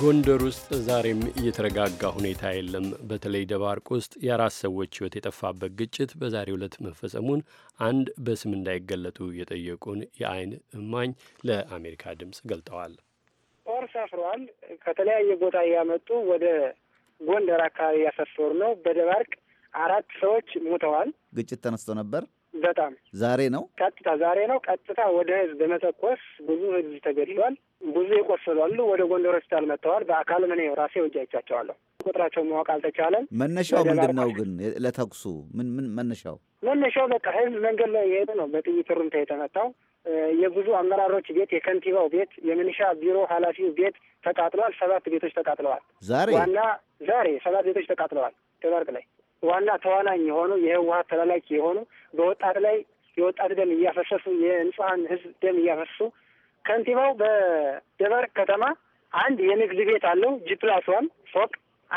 S2: ጎንደር ውስጥ ዛሬም እየተረጋጋ ሁኔታ የለም። በተለይ ደባርቅ ውስጥ የአራት ሰዎች ሕይወት የጠፋበት ግጭት በዛሬው ዕለት መፈጸሙን አንድ በስም እንዳይገለጡ የጠየቁን የአይን እማኝ ለአሜሪካ ድምፅ ገልጠዋል።
S10: ጦር ሰፍረዋል። ከተለያየ ቦታ እያመጡ ወደ ጎንደር አካባቢ ያሰፈሩ ነው። በደባርቅ አራት ሰዎች ሞተዋል።
S11: ግጭት ተነስቶ ነበር። በጣም ዛሬ ነው
S10: ቀጥታ ዛሬ ነው ቀጥታ ወደ ህዝብ በመተኮስ ብዙ ህዝብ ተገድሏል። ብዙ የቆሰሏሉ ወደ ጎንደር ሆስፒታል መጥተዋል። በአካል ምን ራሴ ወጃ ይቻቸዋለሁ። ማወቅ አልተቻለም። መነሻው ምንድን ነው
S11: ግን ለተኩሱ ምን ምን መነሻው
S10: መነሻው በቃ ህዝብ መንገድ ላይ የሄደ ነው። በጥይት ሩምታ የተመታው የብዙ አመራሮች ቤት፣ የከንቲባው ቤት፣ የምንሻ ቢሮ ኃላፊው ቤት ተቃጥለዋል። ሰባት ቤቶች ተቃጥለዋል። ዛሬ ዋና ዛሬ ሰባት ቤቶች ተቃጥለዋል። ደባርቅ ላይ ዋና ተዋናኝ የሆኑ የህወሀት ተላላኪ የሆኑ በወጣት ላይ የወጣት ደም እያፈሰሱ የንጹሀን ህዝብ ደም እያፈሰሱ ከንቲባው በደባርቅ ከተማ አንድ የንግድ ቤት አለው ጅፕላስዋን ፎቅ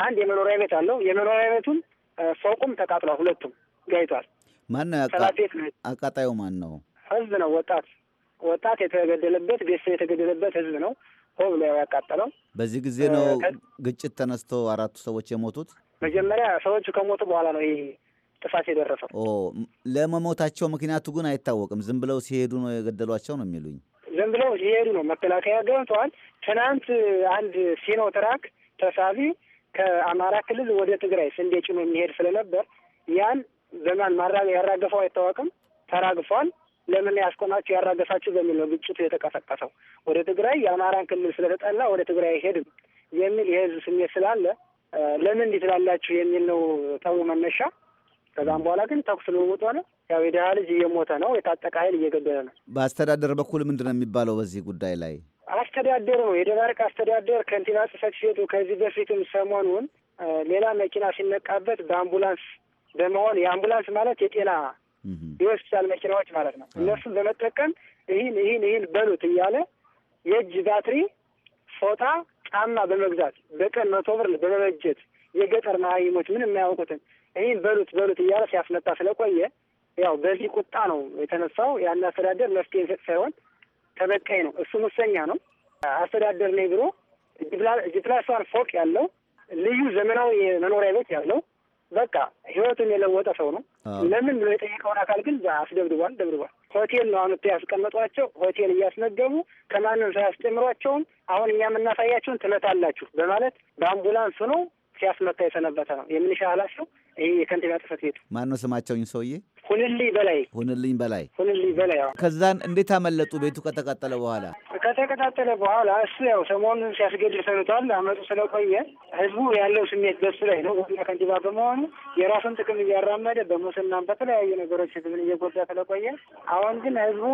S10: አንድ የመኖሪያ ቤት አለው። የመኖሪያ ቤቱን ፎቁም ተቃጥሏል። ሁለቱም ጋይቷል።
S11: ማን ነው አቃጣዩ? ማን ነው?
S10: ህዝብ ነው፣ ወጣት ወጣት የተገደለበት ቤተሰብ የተገደለበት ህዝብ ነው። ሆ ብሎ ያቃጠለው
S11: በዚህ ጊዜ ነው። ግጭት ተነስቶ አራቱ ሰዎች የሞቱት
S10: መጀመሪያ ሰዎቹ ከሞቱ በኋላ ነው ይሄ ጥፋት የደረሰው።
S11: ለመሞታቸው ምክንያቱ ግን አይታወቅም። ዝም ብለው ሲሄዱ ነው የገደሏቸው ነው የሚሉኝ።
S10: ዝም ብለው ሲሄዱ ነው። መከላከያ ገብተዋል። ትናንት አንድ ሲኖ ትራክ ተሳቢ ከአማራ ክልል ወደ ትግራይ ስንዴ ጭኖ የሚሄድ ስለነበር ያን በማን ያራገፈው አይታወቅም። ተራግፏል። ለምን ያስቆማችሁ ያራገፋችሁ በሚል ነው ግጭቱ የተቀሰቀሰው። ወደ ትግራይ የአማራን ክልል ስለተጠላ ወደ ትግራይ አይሄድም የሚል የህዝብ ስሜት ስላለ ለምን እንዲህ ትላላችሁ የሚል ነው ጠቡ መነሻ። ከዛም በኋላ ግን ተኩስ ልውውጥ ሆነ። ያው የድሃ ልጅ እየሞተ ነው፣ የታጠቀ ኃይል እየገደለ ነው።
S11: በአስተዳደር በኩል ምንድን ነው የሚባለው በዚህ ጉዳይ ላይ?
S10: አስተዳደሩ ነው የደባርቅ አስተዳደር ከንቲባ ጽሕፈት ቤቱ ከዚህ በፊትም ሰሞኑን ሌላ መኪና ሲነቃበት በአምቡላንስ በመሆን የአምቡላንስ ማለት የጤና የሆስፒታል መኪናዎች ማለት ነው። እነሱን በመጠቀም ይህን ይህን ይህን በሉት እያለ የእጅ ባትሪ፣ ፎጣ፣ ጫማ በመግዛት በቀን መቶ ብር በመበጀት የገጠር መሀይሞች ምን የማያውቁትን ይህን በሉት በሉት እያለ ሲያስመጣ ስለቆየ ያው በዚህ ቁጣ ነው የተነሳው። ያን አስተዳደር መፍትሄ ሰጥ ሳይሆን ተበቃይ ነው፣ እሱ ሙሰኛ ነው። አስተዳደር ነኝ ብሎ ጅፕላሷን ፎቅ ያለው ልዩ ዘመናዊ መኖሪያ ቤት ያለው በቃ ህይወቱን የለወጠ ሰው ነው። ለምን ብሎ የጠየቀውን አካል ግን አስደብድቧል፣ ደብድቧል። ሆቴል ነው አሁን ያስቀመጧቸው። ሆቴል እያስመገቡ ከማንም ሰው ያስጨምሯቸውም። አሁን እኛ የምናሳያቸውን ትመታላችሁ በማለት በአምቡላንስ ነው ሲያስመታ የሰነበተ ነው። የምንሻ ኃላፊው ይህ የከንቲባ ጽሕፈት ቤቱ
S11: ማን ነው? ስማቸውኝ ሰውዬ ሁንልኝ በላይ ሁንልኝ በላይ ሁንልኝ በላይ። ከዛን እንዴት አመለጡ? ቤቱ ከተቃጠለ በኋላ
S10: ከተቀጣጠለ በኋላ እሱ ያው ሰሞኑን ሲያስገድል ሰንቷል። አመጡ ስለቆየ ህዝቡ ያለው ስሜት በሱ ላይ ነው። ወና ከንቲባ በመሆኑ የራሱን ጥቅም እያራመደ በሙስናም በተለያዩ ነገሮች ህዝብን እየጎዳ ስለቆየ አሁን ግን ህዝቡ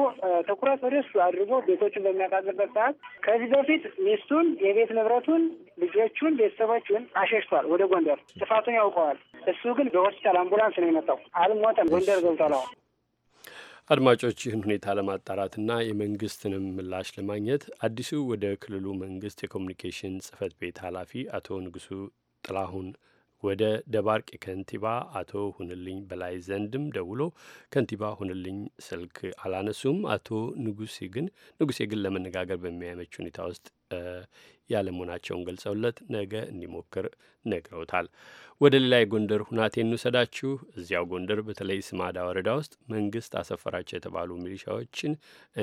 S10: ትኩረት ወደ እሱ አድርጎ ቤቶቹን በሚያቃጥልበት ሰዓት ከዚህ በፊት ሚስቱን፣ የቤት ንብረቱን፣ ልጆቹን፣ ቤተሰቦቹን አሸሽቷል። ወደ ጎንደር ጥፋቱን ያውቀዋል። እሱ ግን በሆስፒታል አምቡላንስ ነው የመጣው። አልሞተም፣ ጎንደር ገብቷል።
S2: አድማጮች ይህን ሁኔታ ለማጣራትና የመንግስትንም ምላሽ ለማግኘት አዲሱ ወደ ክልሉ መንግስት የኮሚኒኬሽን ጽህፈት ቤት ኃላፊ አቶ ንጉሱ ጥላሁን ወደ ደባርቅ ከንቲባ አቶ ሁንልኝ በላይ ዘንድም ደውሎ ከንቲባ ሁንልኝ ስልክ አላነሱም። አቶ ንጉሴ ግን ንጉሴ ግን ለመነጋገር በሚያመች ሁኔታ ውስጥ ያለመሆናቸውን ገልጸውለት ነገ እንዲሞክር ነግረውታል። ወደ ሌላ የጎንደር ሁናቴ እንውሰዳችሁ። እዚያው ጎንደር በተለይ ስማዳ ወረዳ ውስጥ መንግስት አሰፈራቸው የተባሉ ሚሊሻዎችን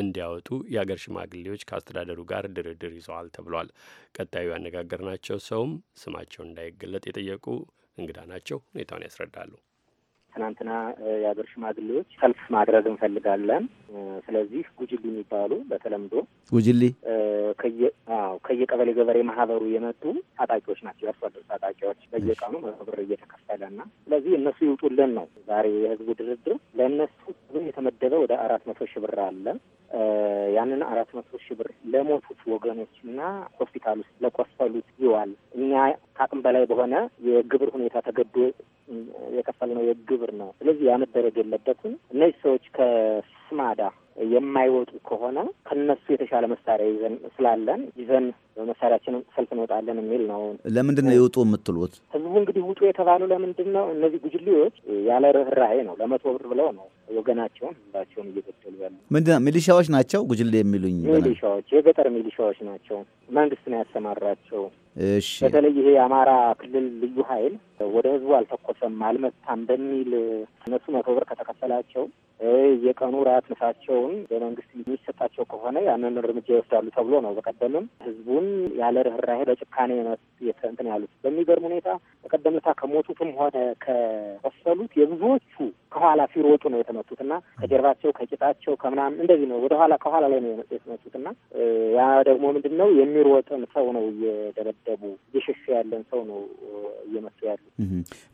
S2: እንዲያወጡ የአገር ሽማግሌዎች ከአስተዳደሩ ጋር ድርድር ይዘዋል ተብሏል። ቀጣዩ ያነጋገርናቸው ሰውም ስማቸውን እንዳይገለጥ የጠየቁ እንግዳ ናቸው። ሁኔታውን
S12: ያስረዳሉ። ትናንትና የሀገር ሽማግሌዎች ሰልፍ ማድረግ እንፈልጋለን። ስለዚህ ጉጅሊ የሚባሉ በተለምዶ ጉጅሊ ከየቀበሌ ገበሬ ማህበሩ የመጡ ታጣቂዎች ናቸው። የአርሶ አደር ታጣቂዎች በየቀኑ መቶ እየተከፈለ እና ስለዚህ እነሱ ይውጡልን ነው ዛሬ የህዝቡ ድርድር። ለእነሱ የተመደበ ወደ አራት መቶ ሺህ ብር አለ። ያንን አራት መቶ ሺህ ብር ለሞቱት ወገኖች እና ሆስፒታል ውስጥ ለቆሰሉት ይዋል። እኛ ከአቅም በላይ በሆነ የግብር ሁኔታ ተገዶ የከፈልነው የግብር ነው። ስለዚህ ያመደረግ መደረግ የለበትም። እነዚህ ሰዎች ከስማዳ የማይወጡ ከሆነ ከነሱ የተሻለ መሳሪያ ይዘን ስላለን ይዘን በመሳሪያችን ሰልፍ እንወጣለን የሚል ነው።
S11: ለምንድን ነው የውጡ የምትሉት?
S12: ህዝቡ እንግዲህ ውጡ የተባሉ ለምንድን ነው? እነዚህ ጉጅሌዎች ያለ ርኅራሄ ነው። ለመቶ ብር ብለው ነው ወገናቸውን ህዝባቸውን እየገደሉ ያሉ።
S11: ምንድን ነው ሚሊሻዎች ናቸው ጉጅሌ የሚሉኝ? ሚሊሻዎች
S12: የገጠር ሚሊሻዎች ናቸው። መንግስት ነው ያሰማራቸው።
S11: እሺ በተለይ
S12: ይሄ የአማራ ክልል ልዩ ኃይል ወደ ህዝቡ አልተኮሰም፣ አልመታም በሚል እነሱ መቶ ብር ከተከፈላቸው የቀኑ ራት ምሳቸውን በመንግስት የሚሰጣቸው ከሆነ ያንን እርምጃ ይወስዳሉ ተብሎ ነው። በቀደምም ህዝቡን ያለ ርኅራሄ በጭካኔ እንትን ያሉት በሚገርም ሁኔታ በቀደምታ ከሞቱትም ሆነ ከቆሰሉት የብዙዎቹ ከኋላ ሲሮጡ ነው የተመቱት እና ከጀርባቸው ከቂጣቸው ከምናምን እንደዚህ ነው ወደ ኋላ ከኋላ ላይ ነው የተመቱት እና ያ ደግሞ ምንድን ነው የሚሮጥን ሰው ነው እየደበደቡ እየሸሸ ያለን ሰው ነው እየመቱ ያሉ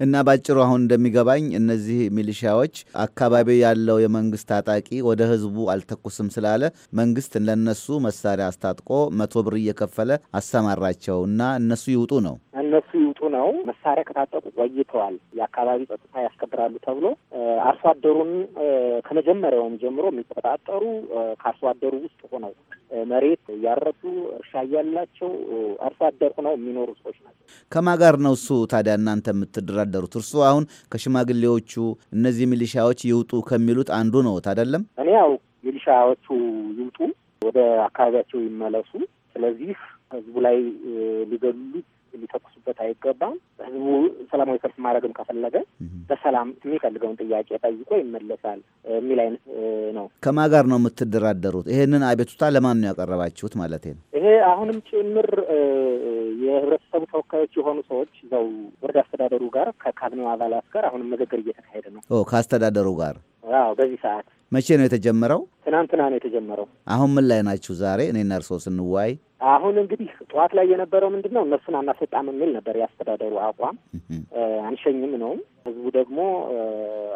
S11: እና ባጭሩ አሁን እንደሚገባኝ እነዚህ ሚሊሺያዎች አካባቢ ያለው የመንግስት ታጣቂ ወደ ህዝቡ አልተኩስም ስላለ መንግስት ለነሱ መሳሪያ አስታጥቆ መቶ ብር እየከፈለ አሰማራቸው እና እነሱ ይውጡ ነው
S12: እነሱ ነው። መሳሪያ ከታጠቁ ቆይተዋል። የአካባቢ ጸጥታ ያስከብራሉ ተብሎ አርሶ አደሩን ከመጀመሪያውም ጀምሮ የሚቆጣጠሩ ከአርሶ አደሩ ውስጥ ሆነው መሬት እያረሱ እርሻ እያላቸው አርሶ አደር ሆነው የሚኖሩ ሰዎች ናቸው።
S11: ከማን ጋር ነው እሱ ታዲያ እናንተ የምትደራደሩት? እርሱ አሁን ከሽማግሌዎቹ እነዚህ ሚሊሻዎች ይውጡ ከሚሉት አንዱ ነዎት አይደለም?
S12: እኔ ያው ሚሊሻዎቹ ይውጡ፣ ወደ አካባቢያቸው ይመለሱ፣ ስለዚህ ህዝቡ ላይ ሊገሉት ሊተኩሱበት አይገባም። ህዝቡ ሰላማዊ ሰልፍ ማድረግም ከፈለገ በሰላም የሚፈልገውን ጥያቄ ጠይቆ ይመለሳል የሚል አይነት ነው።
S11: ከማን ጋር ነው የምትደራደሩት? ይሄንን አቤቱታ ለማን ነው ያቀረባችሁት ማለት ነው?
S12: ይሄ አሁንም ጭምር የህብረተሰቡ ተወካዮች የሆኑ ሰዎች ዘው ወረዳ አስተዳደሩ ጋር ከካቢኔው አባላት ጋር አሁንም ንግግር እየተካሄደ ነው።
S11: ከአስተዳደሩ ጋር
S12: አዎ። በዚህ ሰዓት
S11: መቼ ነው የተጀመረው?
S12: ትናንትና ነው የተጀመረው።
S11: አሁን ምን ላይ ናችሁ? ዛሬ እኔና እርስዎ ስንዋይ
S12: አሁን እንግዲህ ጠዋት ላይ የነበረው ምንድን ነው? እነሱን አናስወጣም የሚል ነበር የአስተዳደሩ አቋም። አንሸኝም ነው ህዝቡ ደግሞ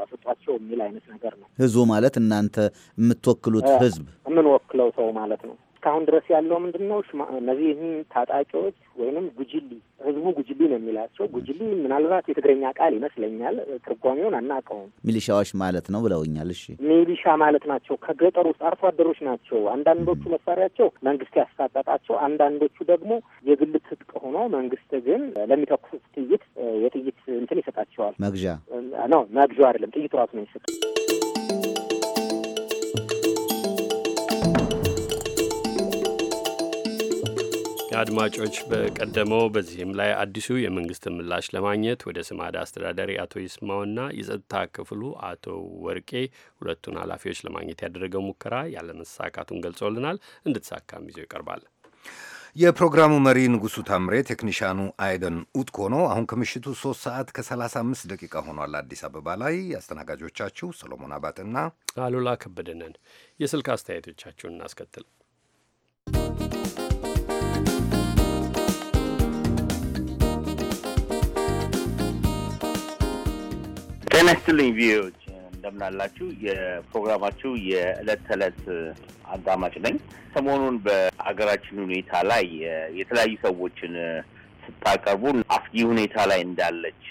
S12: አስወጧቸው የሚል አይነት ነገር ነው።
S11: ህዝቡ ማለት እናንተ የምትወክሉት ህዝብ
S12: የምንወክለው ሰው ማለት ነው። እስካሁን ድረስ ያለው ምንድን ነው? እነዚህን ታጣቂዎች ወይንም ጉጅሊ ህዝቡ ጉጅሊ ነው የሚላቸው። ጉጅሊ ምናልባት የትግረኛ ቃል ይመስለኛል። ትርጓሜውን አናውቀውም።
S11: ሚሊሻዎች ማለት ነው ብለውኛል። እሺ
S12: ሚሊሻ ማለት ናቸው። ከገጠር ውስጥ አርሶ አደሮች ናቸው። አንዳንዶቹ መሳሪያቸው መንግስት ያስታጠቃቸው፣ አንዳንዶቹ ደግሞ የግል ትጥቅ ሆኖ መንግስት ግን ለሚተኩሱት ጥይት የጥይት እንትን ይሰጣቸዋል። መግዣ ነው መግዣ አይደለም ጥይቱ ራሱ ነው ይሰጣል።
S2: አድማጮች በቀደመው በዚህም ላይ አዲሱ የመንግስት ምላሽ ለማግኘት ወደ ስማዳ አስተዳዳሪ አቶ ይስማውና የጸጥታ ክፍሉ አቶ ወርቄ ሁለቱን ኃላፊዎች ለማግኘት ያደረገው ሙከራ ያለመሳካቱን ገልጾልናል። እንድትሳካም ይዘው ይቀርባል።
S1: የፕሮግራሙ መሪ ንጉሱ ታምሬ፣ ቴክኒሻኑ አይደን ኡትኮ ነው። አሁን ከምሽቱ 3 ሰዓት ከ35 ደቂቃ ሆኗል አዲስ አበባ ላይ። አስተናጋጆቻችሁ ሰሎሞን አባትና አሉላ ከበደነን። የስልክ አስተያየቶቻችሁን እናስከትል።
S13: ጤና ይስጥልኝ ቪዎች እንደምናላችሁ የፕሮግራማችሁ የዕለት ተዕለት አዳማጭ ነኝ። ሰሞኑን በሀገራችን ሁኔታ ላይ የተለያዩ ሰዎችን ስታቀርቡ አስጊ ሁኔታ ላይ እንዳለች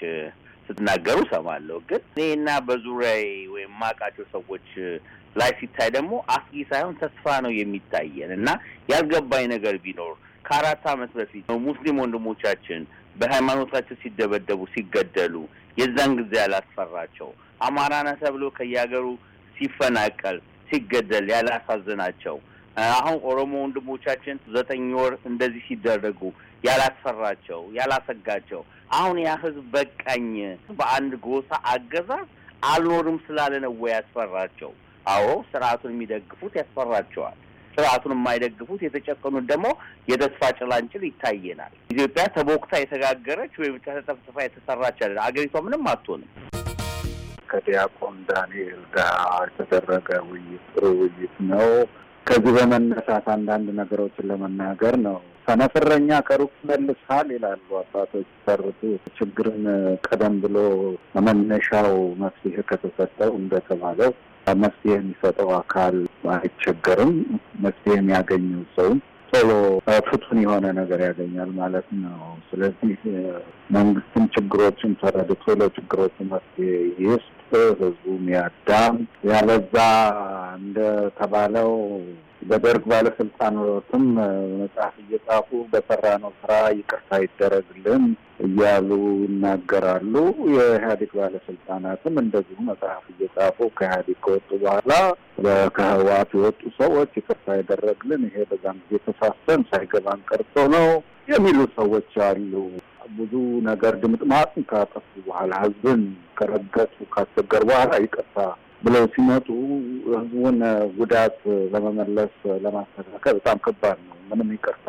S13: ስትናገሩ ሰማለሁ። ግን እኔና በዙሪያ ወይም ማቃቸው ሰዎች ላይ ሲታይ ደግሞ አስጊ ሳይሆን ተስፋ ነው የሚታየን እና ያልገባኝ ነገር ቢኖር ከአራት አመት በፊት ሙስሊም ወንድሞቻችን በሃይማኖታቸው ሲደበደቡ ሲገደሉ የዛን ጊዜ ያላስፈራቸው አማራ ነህ ተብሎ ከየሀገሩ ሲፈናቀል ሲገደል ያላሳዘናቸው አሁን ኦሮሞ ወንድሞቻችን ዘጠኝ ወር እንደዚህ ሲደረጉ ያላስፈራቸው ያላሰጋቸው አሁን ያ ህዝብ በቃኝ በአንድ ጎሳ አገዛዝ አልኖርም ስላለ ነው ያስፈራቸው? አዎ ስርዓቱን የሚደግፉት ያስፈራቸዋል። ስርዓቱን የማይደግፉት የተጨቀኑት ደግሞ የተስፋ ጭላንጭል ይታየናል። ኢትዮጵያ ተቦክታ የተጋገረች ወይም ተጠፍጥፋ የተሰራች አለ አገሪቷ ምንም አትሆንም።
S14: ከዲያቆን ዳንኤል ጋር የተደረገ ውይይት ጥሩ ውይይት ነው። ከዚህ በመነሳት አንዳንድ ነገሮችን ለመናገር ነው። ሰነፍረኛ ከሩቅ መልሳል ይላሉ አባቶች ተርቱ። ችግርን ቀደም ብሎ መነሻው መፍትሄ ከተሰጠው እንደተባለው መፍትሄ የሚሰጠው አካል አይቸገርም። መፍትሄ የሚያገኘው ሰው ቶሎ ፍቱን የሆነ ነገር ያገኛል ማለት ነው። ስለዚህ መንግስትም ችግሮችን ተረድቶ ለችግሮችን መፍትሄ ይስጥ፣ ህዝቡም ያዳም። ያለዛ እንደተባለው በደርግ ባለስልጣናትም መጽሐፍ እየጻፉ በሰራ ነው ስራ ይቅርታ ይደረግልን እያሉ ይናገራሉ። የኢህአዴግ ባለስልጣናትም እንደዚሁ መጽሐፍ እየጻፉ ከኢህአዴግ ከወጡ በኋላ ከህወሓት የወጡ ሰዎች ይቅርታ ይደረግልን፣ ይሄ በዛም ጊዜ ተሳሰን ሳይገባን ቀርቶ ነው የሚሉ ሰዎች አሉ። ብዙ ነገር ድምጥማጥ ካጠፉ በኋላ ህዝብን ከረገጡ ካስቸገር በኋላ ይቅርታ ብለው ሲመጡ ህዝቡን ጉዳት ለመመለስ ለማስተካከል በጣም ከባድ ነው። ምንም ይቅርታ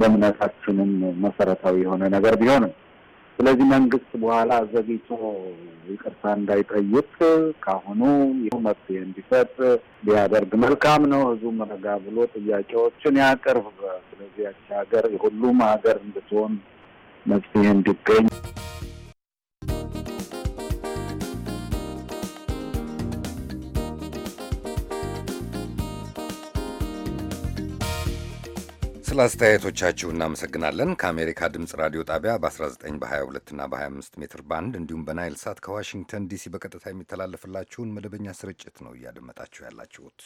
S14: በእምነታችንም መሰረታዊ የሆነ ነገር ቢሆንም ስለዚህ መንግስት በኋላ ዘግይቶ ይቅርታ እንዳይጠይቅ ካሁኑ መፍትሄ እንዲሰጥ ቢያደርግ መልካም ነው። ህዝቡ ረጋ ብሎ ጥያቄዎችን ያቅርብ። ስለዚህ ያቺ ሀገር የሁሉም ሀገር እንድትሆን መፍትሄ እንዲገኝ
S1: ስለ አስተያየቶቻችሁ እናመሰግናለን። ከአሜሪካ ድምፅ ራዲዮ ጣቢያ በ19 በ22 እና በ25 ሜትር ባንድ እንዲሁም በናይል ሳት ከዋሽንግተን ዲሲ በቀጥታ የሚተላለፍላችሁን መደበኛ ስርጭት ነው እያደመጣችሁ ያላችሁት።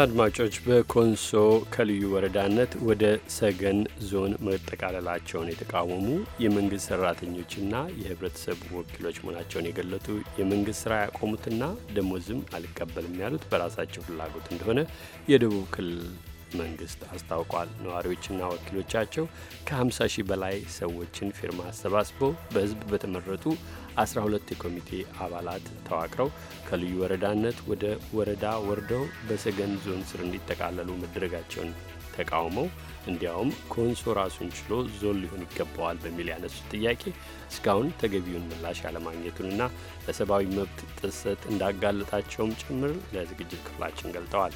S2: አድማጮች በኮንሶ ከልዩ ወረዳነት ወደ ሰገን ዞን መጠቃለላቸውን የተቃወሙ የመንግስት ሰራተኞችና የህብረተሰቡ ወኪሎች መሆናቸውን የገለጡ የመንግስት ስራ ያቆሙትና ደሞዝም አልቀበልም ያሉት በራሳቸው ፍላጎት እንደሆነ የደቡብ ክልል መንግስት አስታውቋል። ነዋሪዎችና ወኪሎቻቸው ከ50 ሺህ በላይ ሰዎችን ፊርማ አሰባስበው በህዝብ በተመረጡ 12 የኮሚቴ አባላት ተዋቅረው ከልዩ ወረዳነት ወደ ወረዳ ወርደው በሰገን ዞን ስር እንዲጠቃለሉ መደረጋቸውን ተቃውመው እንዲያውም ኮንሶ ራሱን ችሎ ዞን ሊሆን ይገባዋል በሚል ያነሱት ጥያቄ እስካሁን ተገቢውን ምላሽ ያለማግኘቱንና ለሰብአዊ መብት ጥሰት እንዳጋለጣቸውም ጭምር ለዝግጅት ክፍላችን ገልጠዋል።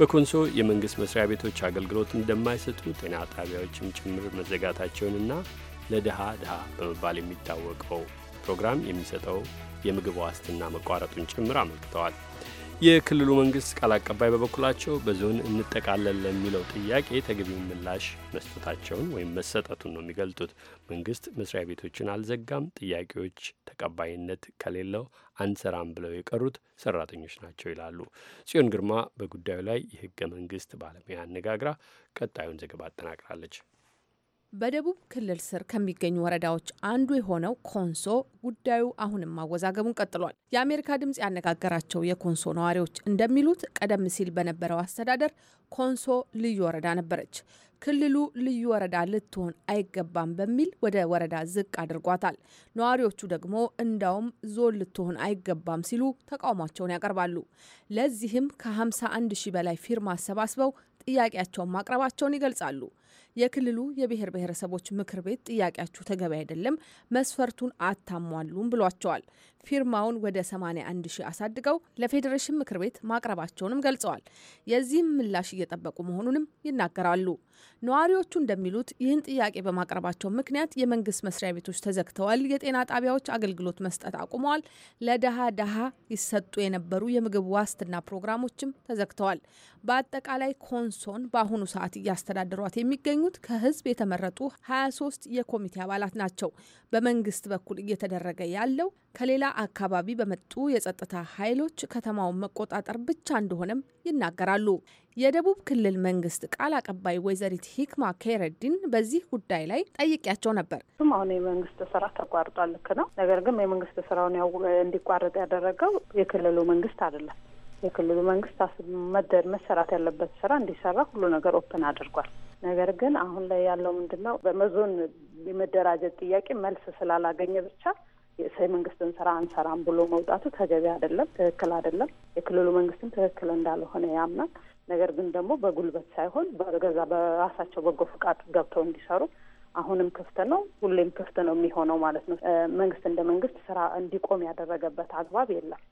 S2: በኮንሶ የመንግስት መስሪያ ቤቶች አገልግሎት እንደማይሰጡ፣ ጤና ጣቢያዎችም ጭምር መዘጋታቸውንና ለድሃ ድሃ በመባል የሚታወቀው ፕሮግራም የሚሰጠው የምግብ ዋስትና መቋረጡን ጭምር አመልክተዋል። የክልሉ መንግስት ቃል አቀባይ በበኩላቸው በዞን እንጠቃለን ለሚለው ጥያቄ ተገቢውን ምላሽ መስጠታቸውን ወይም መሰጠቱን ነው የሚገልጡት። መንግስት መስሪያ ቤቶችን አልዘጋም፣ ጥያቄዎች ተቀባይነት ከሌለው አንሰራም ብለው የቀሩት ሰራተኞች ናቸው ይላሉ። ጽዮን ግርማ በጉዳዩ ላይ የህገ መንግስት ባለሙያ አነጋግራ ቀጣዩን ዘገባ አጠናቅራለች።
S15: በደቡብ ክልል ስር ከሚገኙ ወረዳዎች አንዱ የሆነው ኮንሶ ጉዳዩ አሁንም ማወዛገቡን ቀጥሏል። የአሜሪካ ድምፅ ያነጋገራቸው የኮንሶ ነዋሪዎች እንደሚሉት ቀደም ሲል በነበረው አስተዳደር ኮንሶ ልዩ ወረዳ ነበረች። ክልሉ ልዩ ወረዳ ልትሆን አይገባም በሚል ወደ ወረዳ ዝቅ አድርጓታል። ነዋሪዎቹ ደግሞ እንዳውም ዞን ልትሆን አይገባም ሲሉ ተቃውሟቸውን ያቀርባሉ። ለዚህም ከ51 ሺ በላይ ፊርማ አሰባስበው ጥያቄያቸውን ማቅረባቸውን ይገልጻሉ። የክልሉ የብሔር ብሔረሰቦች ምክር ቤት ጥያቄያችሁ ተገቢ አይደለም፣ መስፈርቱን አታሟሉም ብሏቸዋል። ፊርማውን ወደ 81 ሺህ አሳድገው ለፌዴሬሽን ምክር ቤት ማቅረባቸውንም ገልጸዋል። የዚህም ምላሽ እየጠበቁ መሆኑንም ይናገራሉ። ነዋሪዎቹ እንደሚሉት ይህን ጥያቄ በማቅረባቸው ምክንያት የመንግስት መስሪያ ቤቶች ተዘግተዋል፣ የጤና ጣቢያዎች አገልግሎት መስጠት አቁመዋል፣ ለደሃ ደሃ ይሰጡ የነበሩ የምግብ ዋስትና ፕሮግራሞችም ተዘግተዋል። በአጠቃላይ ኮንሶን በአሁኑ ሰዓት እያስተዳደሯት የሚገኙት ከህዝብ የተመረጡ 23 የኮሚቴ አባላት ናቸው። በመንግስት በኩል እየተደረገ ያለው ከሌላ አካባቢ በመጡ የጸጥታ ኃይሎች ከተማውን መቆጣጠር ብቻ እንደሆነም ይናገራሉ። የደቡብ ክልል መንግስት ቃል አቀባይ ወይዘሪት ሂክማ ከይረዲን በዚህ ጉዳይ ላይ ጠይቂያቸው ነበር። አሁን የመንግስት ስራ ተቋርጧል፣ ልክ ነው።
S7: ነገር ግን የመንግስት ስራውን እንዲቋረጥ ያደረገው የክልሉ መንግስት አይደለም። የክልሉ መንግስት መደር መሰራት ያለበት ስራ እንዲሰራ ሁሉ ነገር ኦፕን አድርጓል። ነገር ግን አሁን ላይ ያለው ምንድን ነው? በመዞን የመደራጀት ጥያቄ መልስ ስላላገኘ ብቻ መንግስትን ስራ አንሰራም ብሎ መውጣቱ ተገቢ አይደለም፣ ትክክል አይደለም። የክልሉ መንግስትም ትክክል እንዳልሆነ ያምናል። ነገር ግን ደግሞ በጉልበት ሳይሆን በገዛ በራሳቸው በጎ ፍቃድ ገብተው እንዲሰሩ አሁንም ክፍት ነው፣ ሁሌም ክፍት ነው የሚሆነው ማለት ነው። መንግስት እንደ መንግስት ስራ እንዲቆም ያደረገበት አግባብ የለም።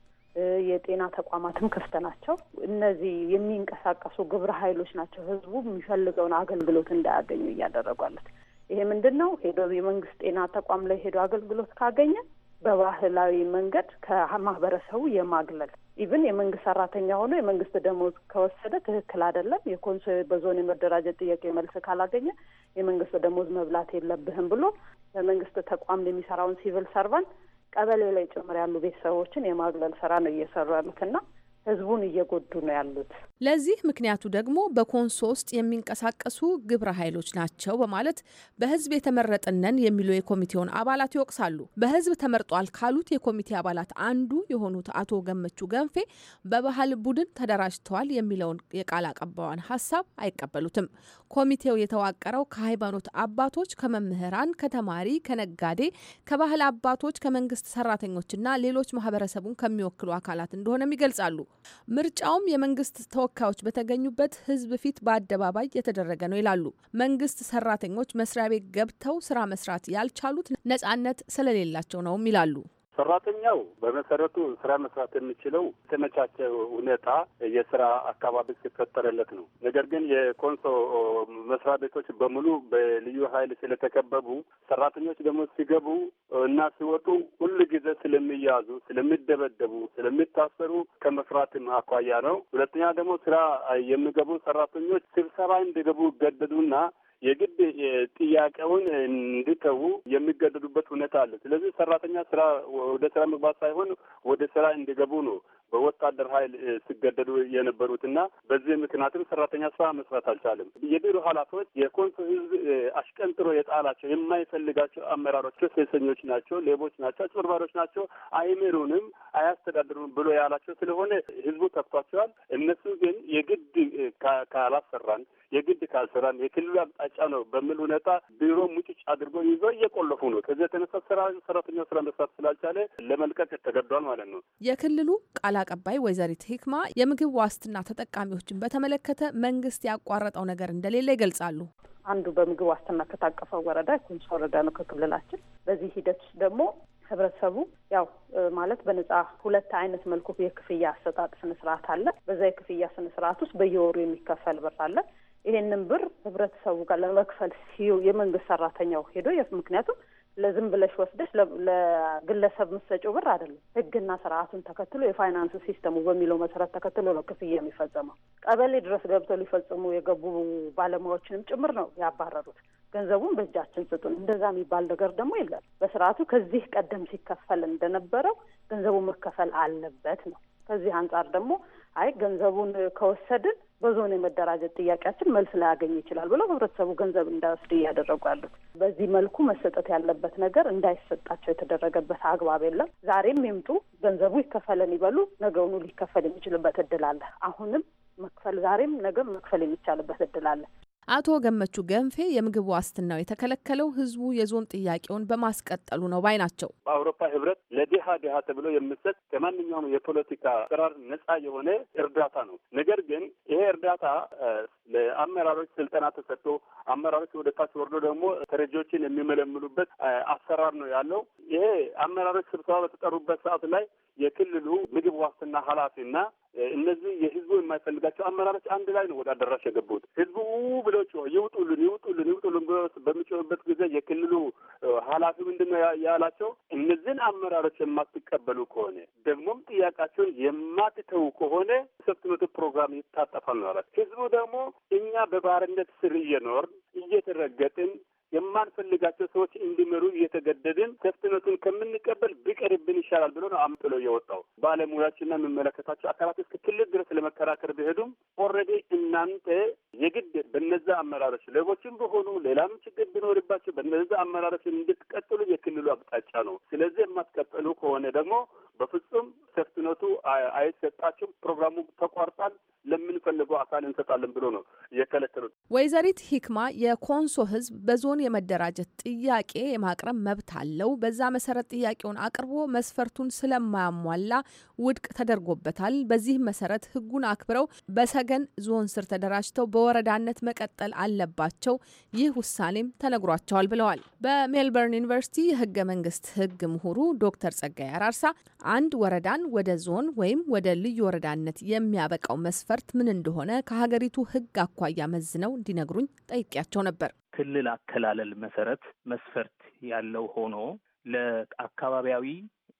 S7: የጤና ተቋማትም ክፍት ናቸው። እነዚህ የሚንቀሳቀሱ ግብረ ኃይሎች ናቸው ህዝቡ የሚፈልገውን አገልግሎት እንዳያገኙ እያደረጓለት። ይሄ ምንድን ነው? ሄዶ የመንግስት ጤና ተቋም ላይ ሄዶ አገልግሎት ካገኘ በባህላዊ መንገድ ከማህበረሰቡ የማግለል ኢቭን የመንግስት ሰራተኛ ሆኖ የመንግስት ደሞዝ ከወሰደ ትክክል አይደለም። የኮንሶ በዞን የመደራጀት ጥያቄ መልስ ካላገኘ የመንግስት ደሞዝ መብላት የለብህም ብሎ በመንግስት ተቋም የሚሰራውን ሲቪል ሰርቫንት ቀበሌ ላይ ጭምር ያሉ ቤተሰቦችን የማግለል ስራ ነው እየሰሩ ያሉት እና ህዝቡን
S15: እየጎዱ ነው ያሉት። ለዚህ ምክንያቱ ደግሞ በኮንሶ ውስጥ የሚንቀሳቀሱ ግብረ ኃይሎች ናቸው በማለት በህዝብ የተመረጥነን የሚሉ የኮሚቴውን አባላት ይወቅሳሉ። በህዝብ ተመርጧል ካሉት የኮሚቴ አባላት አንዱ የሆኑት አቶ ገመቹ ገንፌ በባህል ቡድን ተደራጅተዋል የሚለውን የቃል አቀባዋን ሀሳብ አይቀበሉትም። ኮሚቴው የተዋቀረው ከሃይማኖት አባቶች፣ ከመምህራን፣ ከተማሪ፣ ከነጋዴ፣ ከባህል አባቶች፣ ከመንግስት ሰራተኞችና ሌሎች ማህበረሰቡን ከሚወክሉ አካላት እንደሆነም ይገልጻሉ። ምርጫውም የመንግስት ተወካዮች በተገኙበት ህዝብ ፊት በአደባባይ የተደረገ ነው ይላሉ። መንግስት ሰራተኞች መስሪያ ቤት ገብተው ስራ መስራት ያልቻሉት ነጻነት ስለሌላቸው ነውም ይላሉ።
S5: ሰራተኛው በመሰረቱ ስራ መስራት የሚችለው የተመቻቸ ሁኔታ የስራ አካባቢ ሲፈጠረለት ነው። ነገር ግን የኮንሶ መስሪያ ቤቶች በሙሉ በልዩ ኃይል ስለተከበቡ ሰራተኞች ደግሞ ሲገቡ እና ሲወጡ ሁል ጊዜ ስለሚያዙ፣ ስለሚደበደቡ፣ ስለሚታሰሩ ከመስራትም አኳያ ነው። ሁለተኛ ደግሞ ስራ የሚገቡ ሰራተኞች ስብሰባ እንዲገቡ ይገደዱና የግድ ጥያቄውን እንድተዉ የሚገደዱበት ሁኔታ አለ። ስለዚህ ሰራተኛ ስራ ወደ ስራ መግባት ሳይሆን ወደ ስራ እንዲገቡ ነው በወታደር ኃይል ሲገደዱ የነበሩትና በዚህ ምክንያትም ሰራተኛ ስራ መስራት አልቻለም። የቢሮ ኃላፊዎች የኮንሶ ህዝብ አሽቀንጥሮ የጣላቸው የማይፈልጋቸው አመራሮች ሴሰኞች ናቸው፣ ሌቦች ናቸው፣ አጭበርባሪዎች ናቸው፣ አይምሩንም፣ አያስተዳድሩን ብሎ ያላቸው ስለሆነ ህዝቡ ተብቷቸዋል። እነሱ ግን የግድ ካላሰራን የግድ ካልሰራን የክልሉ አቅጣ አቅጣጫ ነው በሚል ሁኔታ ቢሮ ሙጭጭ አድርጎ ይዞ እየቆለፉ ነው። ከዚህ የተነሳ ስራ ሰራተኛው ስራ መስራት ስላልቻለ ለመልቀቅ ተገዷል ማለት ነው።
S15: የክልሉ ቃል አቀባይ ወይዘሪት ሂክማ የምግብ ዋስትና ተጠቃሚዎችን በተመለከተ መንግስት ያቋረጠው ነገር እንደሌለ ይገልጻሉ። አንዱ
S7: በምግብ ዋስትና ከታቀፈው ወረዳ ኮንሶ ወረዳ ነው ከክልላችን። በዚህ ሂደት ውስጥ ደግሞ ህብረተሰቡ ያው ማለት በነጻ ሁለት አይነት መልኩ የክፍያ አሰጣጥ ስነስርዓት አለ። በዛ የክፍያ ስነስርዓት ውስጥ በየወሩ የሚከፈል ብር አለ። ይሄንን ብር ህብረተሰቡ ጋር ለመክፈል ሲዩ የመንግስት ሰራተኛው ሄዶ ምክንያቱም ለዝም ብለሽ ወስደሽ ለግለሰብ ምሰጪው ብር አይደለም። ህግና ስርዓቱን ተከትሎ የፋይናንስ ሲስተሙ በሚለው መሰረት ተከትሎ ነው ክፍያ የሚፈጸመው። ቀበሌ ድረስ ገብተው ሊፈጽሙ የገቡ ባለሙያዎችንም ጭምር ነው ያባረሩት። ገንዘቡን በእጃችን ስጡን፣ እንደዛ የሚባል ነገር ደግሞ የለም በስርዓቱ። ከዚህ ቀደም ሲከፈል እንደነበረው ገንዘቡ መከፈል አለበት ነው። ከዚህ አንጻር ደግሞ አይ ገንዘቡን ከወሰድን በዞን የመደራጀት ጥያቄያችን መልስ ላያገኝ ይችላል ብለው ህብረተሰቡ ገንዘብ እንዳይወስድ እያደረጉ ያሉት በዚህ መልኩ መሰጠት ያለበት ነገር እንዳይሰጣቸው የተደረገበት አግባብ የለም። ዛሬም ይምጡ ገንዘቡ ይከፈለን ይበሉ፣ ነገውኑ ሊከፈል የሚችልበት እድል አለ። አሁንም መክፈል ዛሬም ነገም መክፈል የሚቻልበት እድል አለ።
S15: አቶ ገመቹ ገንፌ የምግብ ዋስትናው የተከለከለው ህዝቡ የዞን ጥያቄውን በማስቀጠሉ ነው ባይ ናቸው።
S7: በአውሮፓ
S5: ህብረት ለድሃ ድሃ ተብሎ የምሰጥ ከማንኛውም የፖለቲካ አሰራር ነጻ የሆነ እርዳታ ነው። ነገር ግን ይሄ እርዳታ ለአመራሮች ስልጠና ተሰጥቶ አመራሮች ወደ ታች ወርዶ ደግሞ ተረጂዎችን የሚመለምሉበት አሰራር ነው ያለው። ይሄ አመራሮች ስብሰባ በተጠሩበት ሰዓት ላይ የክልሉ ምግብ ዋስትና ኃላፊና እነዚህ የህዝቡ የማይፈልጋቸው አመራሮች አንድ ላይ ነው ወደ አዳራሽ የገቡት። ህዝቡ ብሎ ይውጡልን፣ ይውጡልን፣ ይውጡልን ብሎ በሚጮህበት ጊዜ የክልሉ ኃላፊ ምንድን ነው ያላቸው? እነዚህን አመራሮች የማትቀበሉ ከሆነ ደግሞም ጥያቄያቸውን የማትተዉ ከሆነ ሰብት መቶ ፕሮግራም ይታጠፋል ነው ያላቸው። ህዝቡ ደግሞ እኛ በባርነት ስር እየኖር የማንፈልጋቸው ሰዎች እንዲመሩ እየተገደድን ከፍትነቱን ከምንቀበል ብቀርብን ይሻላል ብሎ ነው አምጥሎ የወጣው። ባለሙያዎችና የምመለከታቸው አካላት እስከ ክልል ድረስ ለመከራከር ቢሄዱም ኦልሬዲ እናንተ የግድ በነዛ አመራሮች ሌቦችም በሆኑ ሌላም ችግር ቢኖርባቸው በነዛ አመራሮች እንድትቀጥሉ የክልሉ አቅጣጫ ነው። ስለዚህ የማትቀጥሉ ከሆነ ደግሞ በፍጹም ሰፍትነቱ አይሰጣችሁም፣ ፕሮግራሙ ተቋርጧል፣ ለምንፈልገው አካል እንሰጣለን ብሎ ነው የከለከሉት።
S15: ወይዘሪት ሂክማ የኮንሶ ህዝብ በዞን የመደራጀት ጥያቄ የማቅረብ መብት አለው። በዛ መሰረት ጥያቄውን አቅርቦ መስፈርቱን ስለማያሟላ ውድቅ ተደርጎበታል። በዚህ መሰረት ህጉን አክብረው በሰገን ዞን ስር ተደራጅተው በወረዳነት መቀጠል አለባቸው። ይህ ውሳኔም ተነግሯቸዋል ብለዋል። በሜልበርን ዩኒቨርሲቲ የህገ መንግስት ህግ ምሁሩ ዶክተር ጸጋይ አራርሳ አንድ ወረዳን ወደ ዞን ወይም ወደ ልዩ ወረዳነት የሚያበቃው መስፈርት ምን እንደሆነ ከሀገሪቱ ህግ አኳ አኳያ መዝነው እንዲነግሩኝ ጠይቄያቸው ነበር።
S16: ክልል አከላለል መሰረት መስፈርት ያለው ሆኖ ለአካባቢያዊ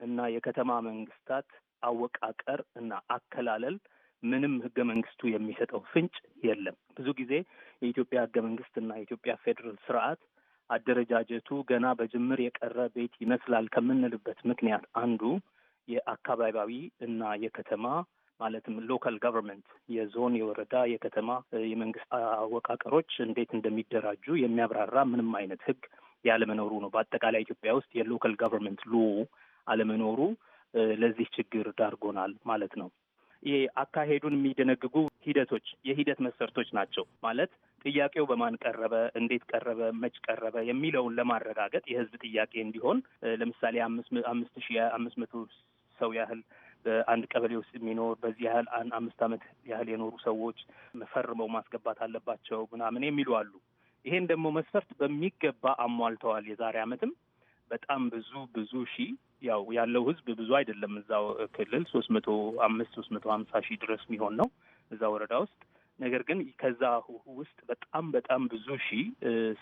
S16: እና የከተማ መንግስታት አወቃቀር እና አከላለል ምንም ህገ መንግስቱ የሚሰጠው ፍንጭ የለም። ብዙ ጊዜ የኢትዮጵያ ህገ መንግስት እና የኢትዮጵያ ፌዴራል ስርዓት አደረጃጀቱ ገና በጅምር የቀረ ቤት ይመስላል ከምንልበት ምክንያት አንዱ የአካባቢያዊ እና የከተማ ማለትም ሎካል ገቨርንመንት የዞን፣ የወረዳ፣ የከተማ የመንግስት አወቃቀሮች እንዴት እንደሚደራጁ የሚያብራራ ምንም አይነት ህግ ያለመኖሩ ነው። በአጠቃላይ ኢትዮጵያ ውስጥ የሎካል ገቨርንመንት ሎ አለመኖሩ ለዚህ ችግር ዳርጎናል ማለት ነው። ይሄ አካሄዱን የሚደነግጉ ሂደቶች የሂደት መሰርቶች ናቸው ማለት ጥያቄው በማን ቀረበ፣ እንዴት ቀረበ፣ መች ቀረበ የሚለውን ለማረጋገጥ የህዝብ ጥያቄ እንዲሆን ለምሳሌ አምስት ሺህ አምስት መቶ ሰው ያህል በአንድ ቀበሌ ውስጥ የሚኖር በዚህ ያህል አምስት ዓመት ያህል የኖሩ ሰዎች ፈርመው ማስገባት አለባቸው ምናምን የሚሉ አሉ። ይሄን ደግሞ መስፈርት በሚገባ አሟልተዋል። የዛሬ ዓመትም በጣም ብዙ ብዙ ሺህ ያው ያለው ህዝብ ብዙ አይደለም። እዛው ክልል ሶስት መቶ አምስት ሶስት መቶ ሀምሳ ሺህ ድረስ የሚሆን ነው እዛ ወረዳ ውስጥ። ነገር ግን ከዛ ውስጥ በጣም በጣም ብዙ ሺህ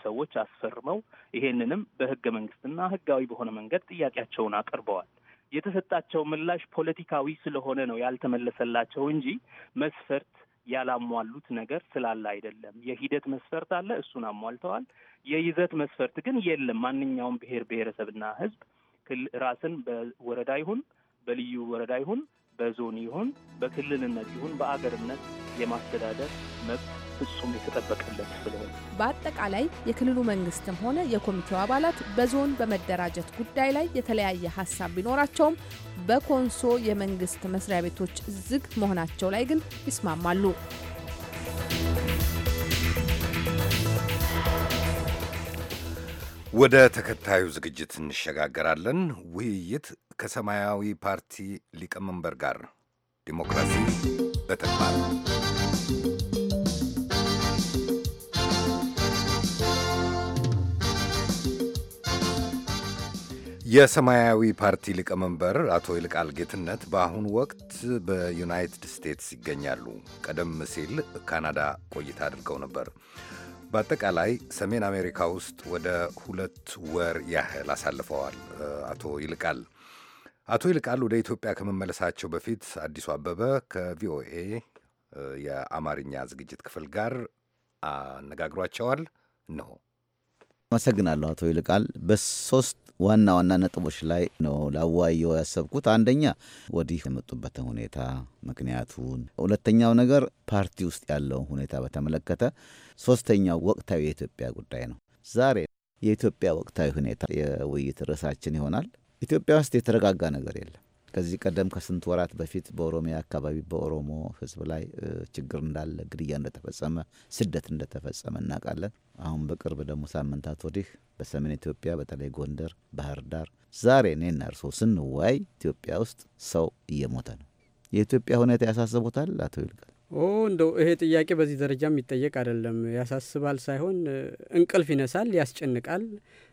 S16: ሰዎች አስፈርመው ይሄንንም በህገ መንግስትና ህጋዊ በሆነ መንገድ ጥያቄያቸውን አቅርበዋል። የተሰጣቸው ምላሽ ፖለቲካዊ ስለሆነ ነው ያልተመለሰላቸው እንጂ መስፈርት ያላሟሉት ነገር ስላለ አይደለም። የሂደት መስፈርት አለ፣ እሱን አሟልተዋል። የይዘት መስፈርት ግን የለም። ማንኛውም ብሔር ብሔረሰብና ህዝብ ራስን በወረዳ ይሁን በልዩ ወረዳ ይሁን በዞን ይሁን በክልልነት ይሁን በአገርነት የማስተዳደር መብት ፍጹም የተጠበቀለት ስለሆነ
S15: በአጠቃላይ የክልሉ መንግስትም ሆነ የኮሚቴው አባላት በዞን በመደራጀት ጉዳይ ላይ የተለያየ ሀሳብ ቢኖራቸውም በኮንሶ የመንግስት መስሪያ ቤቶች ዝግ መሆናቸው ላይ ግን ይስማማሉ።
S1: ወደ ተከታዩ ዝግጅት እንሸጋገራለን። ውይይት ከሰማያዊ ፓርቲ ሊቀመንበር ጋር ዲሞክራሲ በተግባር የሰማያዊ ፓርቲ ሊቀመንበር አቶ ይልቃል ጌትነት በአሁኑ ወቅት በዩናይትድ ስቴትስ ይገኛሉ። ቀደም ሲል ካናዳ ቆይታ አድርገው ነበር። በአጠቃላይ ሰሜን አሜሪካ ውስጥ ወደ ሁለት ወር ያህል አሳልፈዋል አቶ ይልቃል። አቶ ይልቃል ወደ ኢትዮጵያ ከመመለሳቸው በፊት አዲሱ አበበ ከቪኦኤ የአማርኛ ዝግጅት ክፍል ጋር አነጋግሯቸዋል ነው።
S11: አመሰግናለሁ አቶ ይልቃል። በሶስት ዋና ዋና ነጥቦች ላይ ነው ላዋየው ያሰብኩት። አንደኛ ወዲህ የመጡበትን ሁኔታ ምክንያቱን፣ ሁለተኛው ነገር ፓርቲ ውስጥ ያለውን ሁኔታ በተመለከተ፣ ሶስተኛው ወቅታዊ የኢትዮጵያ ጉዳይ ነው። ዛሬ የኢትዮጵያ ወቅታዊ ሁኔታ የውይይት ርዕሳችን ይሆናል። ኢትዮጵያ ውስጥ የተረጋጋ ነገር የለም። ከዚህ ቀደም ከስንት ወራት በፊት በኦሮሚያ አካባቢ በኦሮሞ ህዝብ ላይ ችግር እንዳለ፣ ግድያ እንደተፈጸመ፣ ስደት እንደተፈጸመ እናውቃለን። አሁን በቅርብ ደግሞ ሳምንታት ወዲህ በሰሜን ኢትዮጵያ በተለይ ጎንደር፣ ባህር ዳር ዛሬ እኔና እርስዎ ስንወያይ ኢትዮጵያ ውስጥ ሰው እየሞተ ነው። የኢትዮጵያ ሁኔታ ያሳስቦታል አቶ ይልቃል?
S8: ኦ እንደው ይሄ ጥያቄ በዚህ ደረጃ የሚጠየቅ አይደለም። ያሳስባል ሳይሆን እንቅልፍ ይነሳል፣ ያስጨንቃል።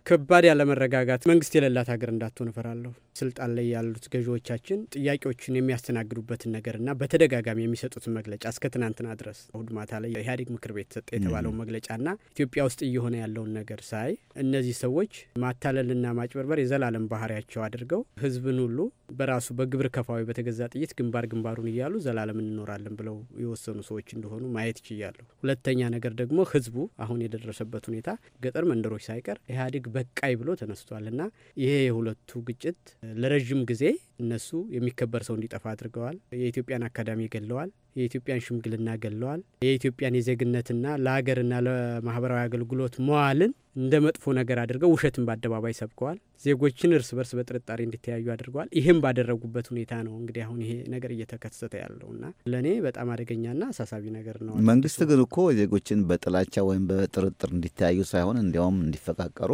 S8: ከባድ ያለመረጋጋት መንግስት የሌላት ሀገር እንዳትሆን እፈራለሁ። ስልጣን ላይ ያሉት ገዢዎቻችን ጥያቄዎችን የሚያስተናግዱበትን ነገርና በተደጋጋሚ የሚሰጡትን መግለጫ እስከ ትናንትና ድረስ እሁድ ማታ ላይ ኢህአዴግ ምክር ቤት ሰጠ የተባለውን መግለጫና ኢትዮጵያ ውስጥ እየሆነ ያለውን ነገር ሳይ እነዚህ ሰዎች ማታለልና ማጭበርበር የዘላለም ባህሪያቸው አድርገው ህዝብን ሁሉ በራሱ በግብር ከፋዊ በተገዛ ጥይት ግንባር ግንባሩን እያሉ ዘላለም እንኖራለን ብለው የወሰኑ ሰዎች እንደሆኑ ማየት ችያለሁ። ሁለተኛ ነገር ደግሞ ህዝቡ አሁን የደረሰበት ሁኔታ ገጠር መንደሮች ሳይቀር ኢህአዴግ በቃይ ብሎ ተነስቷል እና ይሄ የሁለቱ ግጭት ለረዥም ጊዜ እነሱ የሚከበር ሰው እንዲጠፋ አድርገዋል። የኢትዮጵያን አካዳሚ ገለዋል። የኢትዮጵያን ሽምግልና ገለዋል። የኢትዮጵያን የዜግነትና ለሀገርና ለማህበራዊ አገልግሎት መዋልን እንደ መጥፎ ነገር አድርገው ውሸትን በአደባባይ ሰብከዋል። ዜጎችን እርስ በርስ በጥርጣሬ እንዲተያዩ አድርገዋል። ይህም ባደረጉበት ሁኔታ ነው እንግዲህ አሁን ይሄ ነገር እየተከሰተ ያለውና ለእኔ በጣም አደገኛና አሳሳቢ ነገር ነው። መንግስት
S11: ግን እኮ ዜጎችን በጥላቻ ወይም በጥርጥር እንዲተያዩ ሳይሆን እንዲያውም እንዲፈቃቀሩ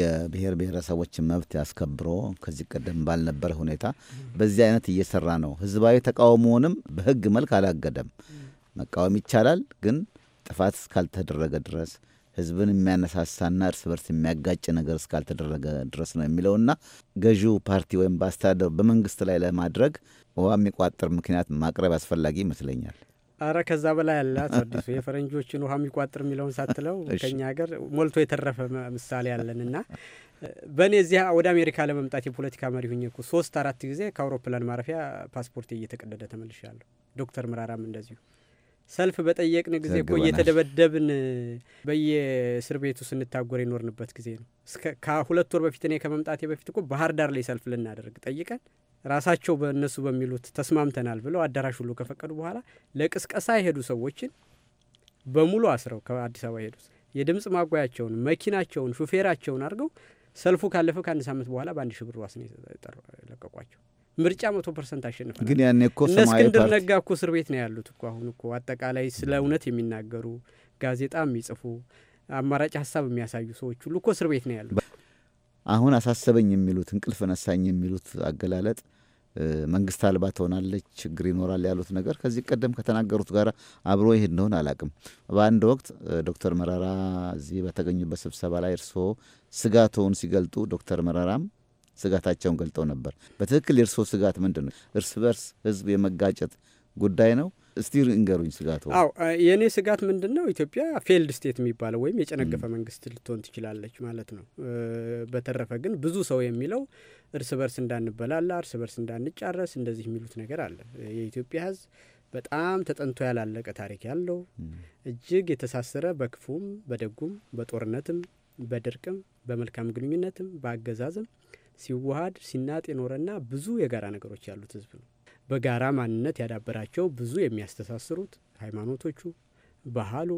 S11: የብሔር ብሔረሰቦችን መብት ያስከብሮ ከዚህ ቀደም ባልነበረ ሁኔታ በዚህ አይነት እየሰራ ነው። ህዝባዊ ተቃውሞውንም በህግ መልክ አላገደም። መቃወም ይቻላል፣ ግን ጥፋት እስካልተደረገ ድረስ ህዝብን የሚያነሳሳና እርስ በርስ የሚያጋጭ ነገር እስካልተደረገ ድረስ ነው የሚለውና ገዢው ፓርቲ ወይም በአስተዳደሩ በመንግስት ላይ ለማድረግ ውሃ የሚቋጥር ምክንያት ማቅረብ አስፈላጊ ይመስለኛል።
S8: አረ ከዛ በላይ ያላት አዲሱ የፈረንጆችን ውሃ የሚቋጥር የሚለውን ሳትለው ከኛ ሀገር ሞልቶ የተረፈ ምሳሌ ያለን እና በእኔ እዚያ ወደ አሜሪካ ለመምጣት የፖለቲካ መሪ ሁኝ እኮ ሶስት አራት ጊዜ ከአውሮፕላን ማረፊያ ፓስፖርት እየተቀደደ ተመልሻለሁ። ዶክተር ምራራም እንደዚሁ ሰልፍ በጠየቅን ጊዜ እኮ እየተደበደብን በየእስር ቤቱ ስንታጎር የኖርንበት ጊዜ ነው። ከሁለት ወር በፊት እኔ ከመምጣቴ በፊት እኮ ባህር ዳር ላይ ሰልፍ ልናደርግ ጠይቀን ራሳቸው በእነሱ በሚሉት ተስማምተናል ብለው አዳራሽ ሁሉ ከፈቀዱ በኋላ ለቅስቀሳ የሄዱ ሰዎችን በሙሉ አስረው ከአዲስ አበባ ሄዱ። የድምፅ ማጓያቸውን መኪናቸውን ሹፌራቸውን አድርገው ሰልፉ ካለፈ ከአንድ ሳምንት በኋላ በአንድ ሺህ ብር ዋስ ነው ምርጫ መቶ ፐርሰንት አሸንፈናል። ግን ያኔ እኮ እነ እስክንድር ነጋ እኮ እስር ቤት ነው ያሉት እኮ አሁን እኮ አጠቃላይ ስለ እውነት የሚናገሩ ጋዜጣ የሚጽፉ አማራጭ ሀሳብ የሚያሳዩ ሰዎች ሁሉ እኮ እስር ቤት ነው ያሉት።
S11: አሁን አሳሰበኝ የሚሉት እንቅልፍ ነሳኝ የሚሉት አገላለጥ መንግስት አልባ ትሆናለች፣ ችግር ይኖራል ያሉት ነገር ከዚህ ቀደም ከተናገሩት ጋር አብሮ ይሄድ እንደሆን አላቅም። በአንድ ወቅት ዶክተር መረራ እዚህ በተገኙበት ስብሰባ ላይ እርስዎ ስጋቶውን ሲገልጡ ዶክተር መረራም ስጋታቸውን ገልጠው ነበር። በትክክል የእርስዎ ስጋት ምንድን ነው? እርስ በርስ ህዝብ የመጋጨት ጉዳይ ነው እስቲ እንገሩኝ ስጋት። አዎ
S8: የእኔ ስጋት ምንድን ነው? ኢትዮጵያ ፌልድ ስቴት የሚባለው ወይም የጨነገፈ መንግስት ልትሆን ትችላለች ማለት ነው። በተረፈ ግን ብዙ ሰው የሚለው እርስ በርስ እንዳንበላላ፣ እርስ በርስ እንዳንጫረስ እንደዚህ የሚሉት ነገር አለ። የኢትዮጵያ ህዝብ በጣም ተጠንቶ ያላለቀ ታሪክ ያለው እጅግ የተሳሰረ በክፉም በደጉም በጦርነትም በድርቅም በመልካም ግንኙነትም በአገዛዝም ሲዋሃድ ሲናጥ የኖረና ብዙ የጋራ ነገሮች ያሉት ህዝብ ነው። በጋራ ማንነት ያዳበራቸው ብዙ የሚያስተሳስሩት ሃይማኖቶቹ፣ ባህሉ፣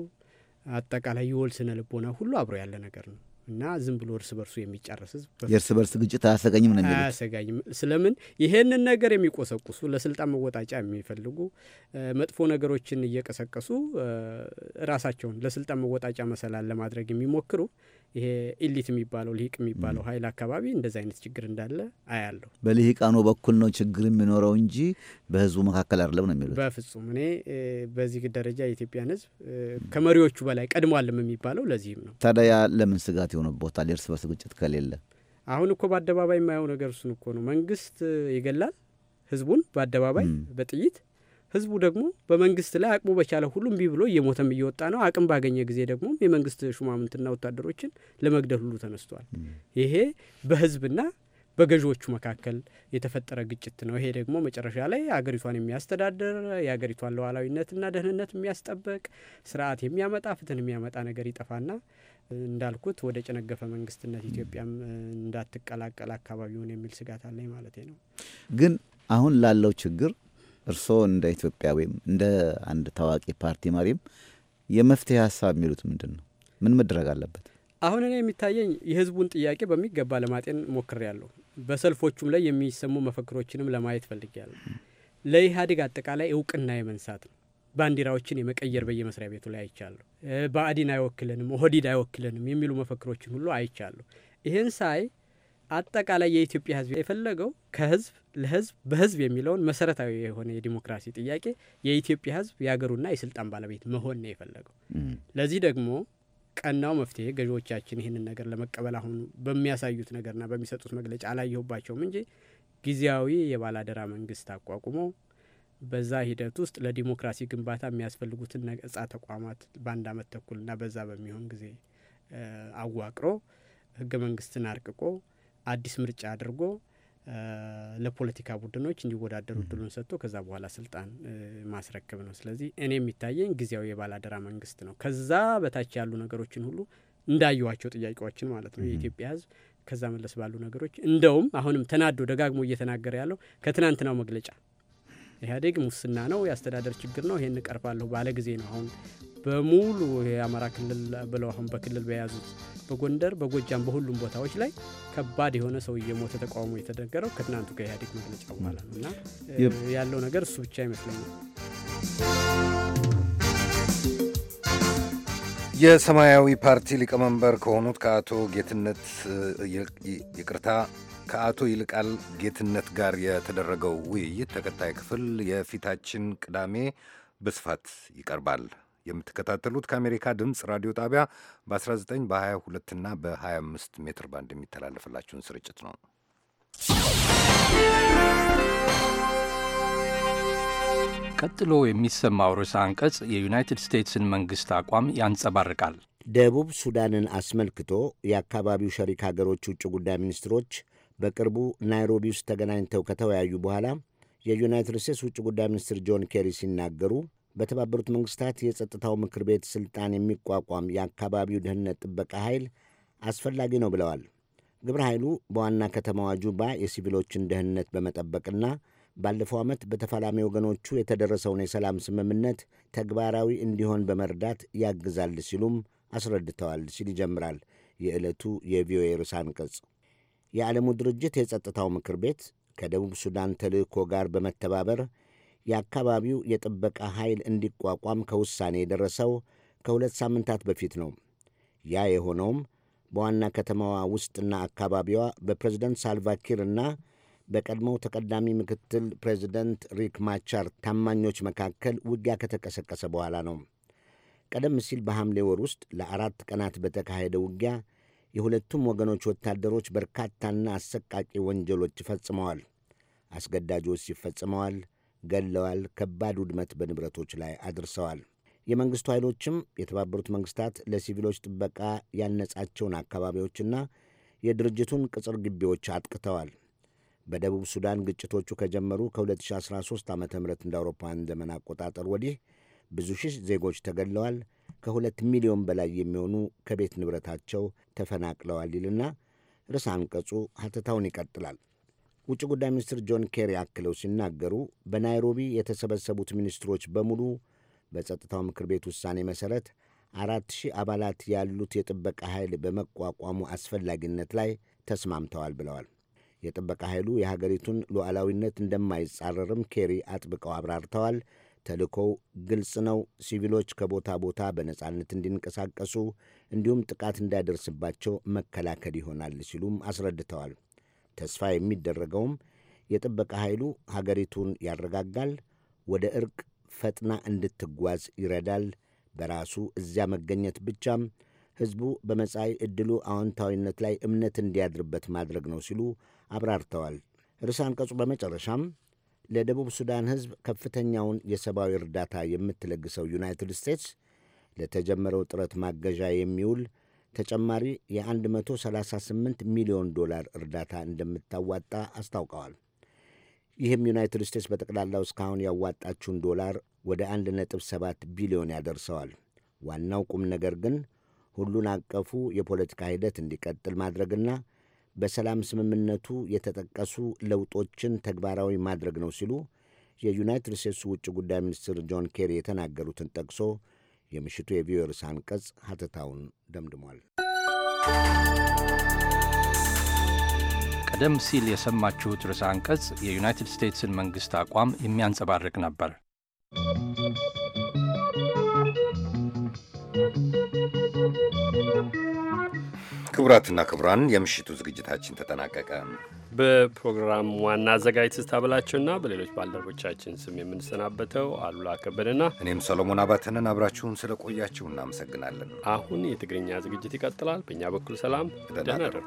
S8: አጠቃላይ የወል ስነ ልቦና ሁሉ አብሮ ያለ ነገር ነው እና ዝም ብሎ እርስ በርሱ የሚጫረስ ህዝብ
S11: የእርስ በርስ ግጭት አያሰጋኝም ነው
S8: አያሰጋኝም። ስለምን ይሄንን ነገር የሚቆሰቁሱ ለስልጣን መወጣጫ የሚፈልጉ መጥፎ ነገሮችን እየቀሰቀሱ ራሳቸውን ለስልጣን መወጣጫ መሰላል ለማድረግ የሚሞክሩ ይሄ ኢሊት የሚባለው ልሂቅ የሚባለው ሀይል አካባቢ እንደዚህ አይነት ችግር እንዳለ አያለሁ።
S11: በልሂቃኑ በኩል ነው ችግር የሚኖረው እንጂ በህዝቡ መካከል አይደለም ነው የሚሉት።
S8: በፍጹም እኔ በዚህ ደረጃ የኢትዮጵያን ህዝብ ከመሪዎቹ በላይ ቀድሟልም የሚባለው ለዚህም ነው።
S11: ታዲያ ለምን ስጋት የሆነቦታል? የእርስ በርስ ግጭት ከሌለ
S8: አሁን እኮ በአደባባይ የማየው ነገር እሱን እኮ ነው። መንግስት ይገላል ህዝቡን በአደባባይ በጥይት ህዝቡ ደግሞ በመንግስት ላይ አቅሙ በቻለ ሁሉም ቢ ብሎ እየሞተም እየወጣ ነው። አቅም ባገኘ ጊዜ ደግሞ የመንግስት ሹማምንትና ወታደሮችን ለመግደል ሁሉ ተነስቷል። ይሄ በህዝብና በገዢዎቹ መካከል የተፈጠረ ግጭት ነው። ይሄ ደግሞ መጨረሻ ላይ አገሪቷን የሚያስተዳድር የአገሪቷን ሉዓላዊነትና ደህንነት የሚያስጠበቅ ስርዓት የሚያመጣ ፍትህን የሚያመጣ ነገር ይጠፋና እንዳልኩት ወደ ጨነገፈ መንግስትነት ኢትዮጵያም እንዳትቀላቀል አካባቢውን የሚል ስጋት አለኝ ማለት ነው።
S11: ግን አሁን ላለው ችግር እርስዎ እንደ ኢትዮጵያ ወይም እንደ አንድ ታዋቂ ፓርቲ መሪም የመፍትሄ ሀሳብ የሚሉት ምንድን ነው? ምን መድረግ አለበት?
S8: አሁን እኔ የሚታየኝ የህዝቡን ጥያቄ በሚገባ ለማጤን ሞክሬያለሁ። በሰልፎቹም ላይ የሚሰሙ መፈክሮችንም ለማየት ፈልጌያለሁ። ለኢህአዴግ አጠቃላይ እውቅና የመንሳት ነው። ባንዲራዎችን የመቀየር በየመስሪያ ቤቱ ላይ አይቻለሁ። ብአዴን አይወክልንም፣ ኦህዴድ አይወክልንም የሚሉ መፈክሮችን ሁሉ አይቻለሁ። ይህን ሳይ አጠቃላይ የኢትዮጵያ ህዝብ የፈለገው ከህዝብ ለህዝብ በህዝብ የሚለውን መሰረታዊ የሆነ የዲሞክራሲ ጥያቄ የኢትዮጵያ ህዝብ የሀገሩና የስልጣን ባለቤት መሆን ነው የፈለገው። ለዚህ ደግሞ ቀናው መፍትሄ ገዢዎቻችን ይህንን ነገር ለመቀበል አሁን በሚያሳዩት ነገርና በሚሰጡት መግለጫ አላየሁባቸውም እንጂ ጊዜያዊ የባላደራ መንግስት አቋቁሞ በዛ ሂደት ውስጥ ለዲሞክራሲ ግንባታ የሚያስፈልጉትን ነጻ ተቋማት በአንድ አመት ተኩልና በዛ በሚሆን ጊዜ አዋቅሮ ህገ መንግስትን አርቅቆ አዲስ ምርጫ አድርጎ ለፖለቲካ ቡድኖች እንዲወዳደሩ እድሉን ሰጥቶ ከዛ በኋላ ስልጣን ማስረክብ ነው። ስለዚህ እኔ የሚታየኝ ጊዜያዊ የባላደራ መንግስት ነው። ከዛ በታች ያሉ ነገሮችን ሁሉ እንዳየዋቸው ጥያቄዎችን ማለት ነው የኢትዮጵያ ህዝብ ከዛ መለስ ባሉ ነገሮች እንደውም አሁንም ተናዶ ደጋግሞ እየተናገረ ያለው ከትናንትናው መግለጫ ኢህአዴግ ሙስና ነው፣ የአስተዳደር ችግር ነው፣ ይሄን እቀርፋለሁ ባለ ጊዜ ነው አሁን በሙሉ የአማራ ክልል ብለው አሁን በክልል በያዙት በጎንደር በጎጃም በሁሉም ቦታዎች ላይ ከባድ የሆነ ሰው እየሞተ ተቃውሞ የተደገረው ከትናንቱ ከኢህአዴግ መግለጫ በኋላ ነው እና ያለው ነገር እሱ ብቻ ይመስለኛል።
S1: የሰማያዊ ፓርቲ ሊቀመንበር ከሆኑት ከአቶ ጌትነት ይቅርታ ከአቶ ይልቃል ጌትነት ጋር የተደረገው ውይይት ተከታይ ክፍል የፊታችን ቅዳሜ በስፋት ይቀርባል። የምትከታተሉት ከአሜሪካ ድምፅ ራዲዮ ጣቢያ በ19 በ22 እና በ25 ሜትር ባንድ የሚተላለፍላችሁን ስርጭት ነው።
S16: ቀጥሎ የሚሰማው ርዕሰ አንቀጽ የዩናይትድ ስቴትስን መንግሥት አቋም ያንጸባርቃል።
S17: ደቡብ ሱዳንን አስመልክቶ የአካባቢው ሸሪክ ሀገሮች ውጭ ጉዳይ ሚኒስትሮች በቅርቡ ናይሮቢ ውስጥ ተገናኝተው ከተወያዩ በኋላ የዩናይትድ ስቴትስ ውጭ ጉዳይ ሚኒስትር ጆን ኬሪ ሲናገሩ በተባበሩት መንግስታት የጸጥታው ምክር ቤት ስልጣን የሚቋቋም የአካባቢው ደህንነት ጥበቃ ኃይል አስፈላጊ ነው ብለዋል። ግብረ ኃይሉ በዋና ከተማዋ ጁባ የሲቪሎችን ደህንነት በመጠበቅና ባለፈው ዓመት በተፋላሚ ወገኖቹ የተደረሰውን የሰላም ስምምነት ተግባራዊ እንዲሆን በመርዳት ያግዛል ሲሉም አስረድተዋል ሲል ይጀምራል የዕለቱ የቪኦኤ ርዕሰ አንቀጽ። የዓለሙ ድርጅት የጸጥታው ምክር ቤት ከደቡብ ሱዳን ተልዕኮ ጋር በመተባበር የአካባቢው የጥበቃ ኃይል እንዲቋቋም ከውሳኔ የደረሰው ከሁለት ሳምንታት በፊት ነው። ያ የሆነውም በዋና ከተማዋ ውስጥና አካባቢዋ በፕሬዝደንት ሳልቫኪር እና በቀድሞው ተቀዳሚ ምክትል ፕሬዝደንት ሪክ ማቻር ታማኞች መካከል ውጊያ ከተቀሰቀሰ በኋላ ነው። ቀደም ሲል በሐምሌ ወር ውስጥ ለአራት ቀናት በተካሄደ ውጊያ የሁለቱም ወገኖች ወታደሮች በርካታና አሰቃቂ ወንጀሎች ፈጽመዋል። አስገዳጅ ይፈጽመዋል። ገለዋል፣ ከባድ ውድመት በንብረቶች ላይ አድርሰዋል። የመንግሥቱ ኃይሎችም የተባበሩት መንግሥታት ለሲቪሎች ጥበቃ ያነጻቸውን አካባቢዎችና የድርጅቱን ቅጽር ግቢዎች አጥቅተዋል። በደቡብ ሱዳን ግጭቶቹ ከጀመሩ ከ2013 ዓ ም እንደ አውሮፓውያን ዘመን አቆጣጠር ወዲህ ብዙ ሺህ ዜጎች ተገለዋል። ከሁለት ሚሊዮን በላይ የሚሆኑ ከቤት ንብረታቸው ተፈናቅለዋል ይልና ርዕሰ አንቀጹ ሐተታውን ይቀጥላል። ውጭ ጉዳይ ሚኒስትር ጆን ኬሪ አክለው ሲናገሩ በናይሮቢ የተሰበሰቡት ሚኒስትሮች በሙሉ በጸጥታው ምክር ቤት ውሳኔ መሠረት አራት ሺህ አባላት ያሉት የጥበቃ ኃይል በመቋቋሙ አስፈላጊነት ላይ ተስማምተዋል ብለዋል። የጥበቃ ኃይሉ የሀገሪቱን ሉዓላዊነት እንደማይጻረርም ኬሪ አጥብቀው አብራርተዋል። ተልእኮው ግልጽ ነው። ሲቪሎች ከቦታ ቦታ በነጻነት እንዲንቀሳቀሱ እንዲሁም ጥቃት እንዳይደርስባቸው መከላከል ይሆናል ሲሉም አስረድተዋል። ተስፋ የሚደረገውም የጥበቃ ኃይሉ ሀገሪቱን ያረጋጋል፣ ወደ ዕርቅ ፈጥና እንድትጓዝ ይረዳል። በራሱ እዚያ መገኘት ብቻም ሕዝቡ በመጻኢ ዕድሉ አዎንታዊነት ላይ እምነት እንዲያድርበት ማድረግ ነው ሲሉ አብራርተዋል። ርዕሰ አንቀጹ በመጨረሻም ለደቡብ ሱዳን ሕዝብ ከፍተኛውን የሰብአዊ እርዳታ የምትለግሰው ዩናይትድ ስቴትስ ለተጀመረው ጥረት ማገዣ የሚውል ተጨማሪ የ138 ሚሊዮን ዶላር እርዳታ እንደምታዋጣ አስታውቀዋል። ይህም ዩናይትድ ስቴትስ በጠቅላላው እስካሁን ያዋጣችውን ዶላር ወደ 1.7 ቢሊዮን ያደርሰዋል። ዋናው ቁም ነገር ግን ሁሉን አቀፉ የፖለቲካ ሂደት እንዲቀጥል ማድረግና በሰላም ስምምነቱ የተጠቀሱ ለውጦችን ተግባራዊ ማድረግ ነው ሲሉ የዩናይትድ ስቴትስ ውጭ ጉዳይ ሚኒስትር ጆን ኬሪ የተናገሩትን ጠቅሶ የምሽቱ የቪኦኤ ርዕሰ አንቀጽ ሀተታውን ደምድሟል።
S16: ቀደም ሲል የሰማችሁት ርዕሰ አንቀጽ የዩናይትድ ስቴትስን መንግሥት አቋም የሚያንጸባርቅ ነበር።
S1: ክቡራትና ክቡራን የምሽቱ ዝግጅታችን ተጠናቀቀ።
S2: በፕሮግራም ዋና አዘጋጅ ትዝታ በላቸውና በሌሎች ባልደረቦቻችን ስም የምንሰናበተው አሉላ ከበደና
S1: እኔም ሰሎሞን አባተንን አብራችሁን ስለቆያችሁ እናመሰግናለን። አሁን የትግርኛ
S2: ዝግጅት ይቀጥላል። በእኛ በኩል ሰላም፣ ደህና እደሩ።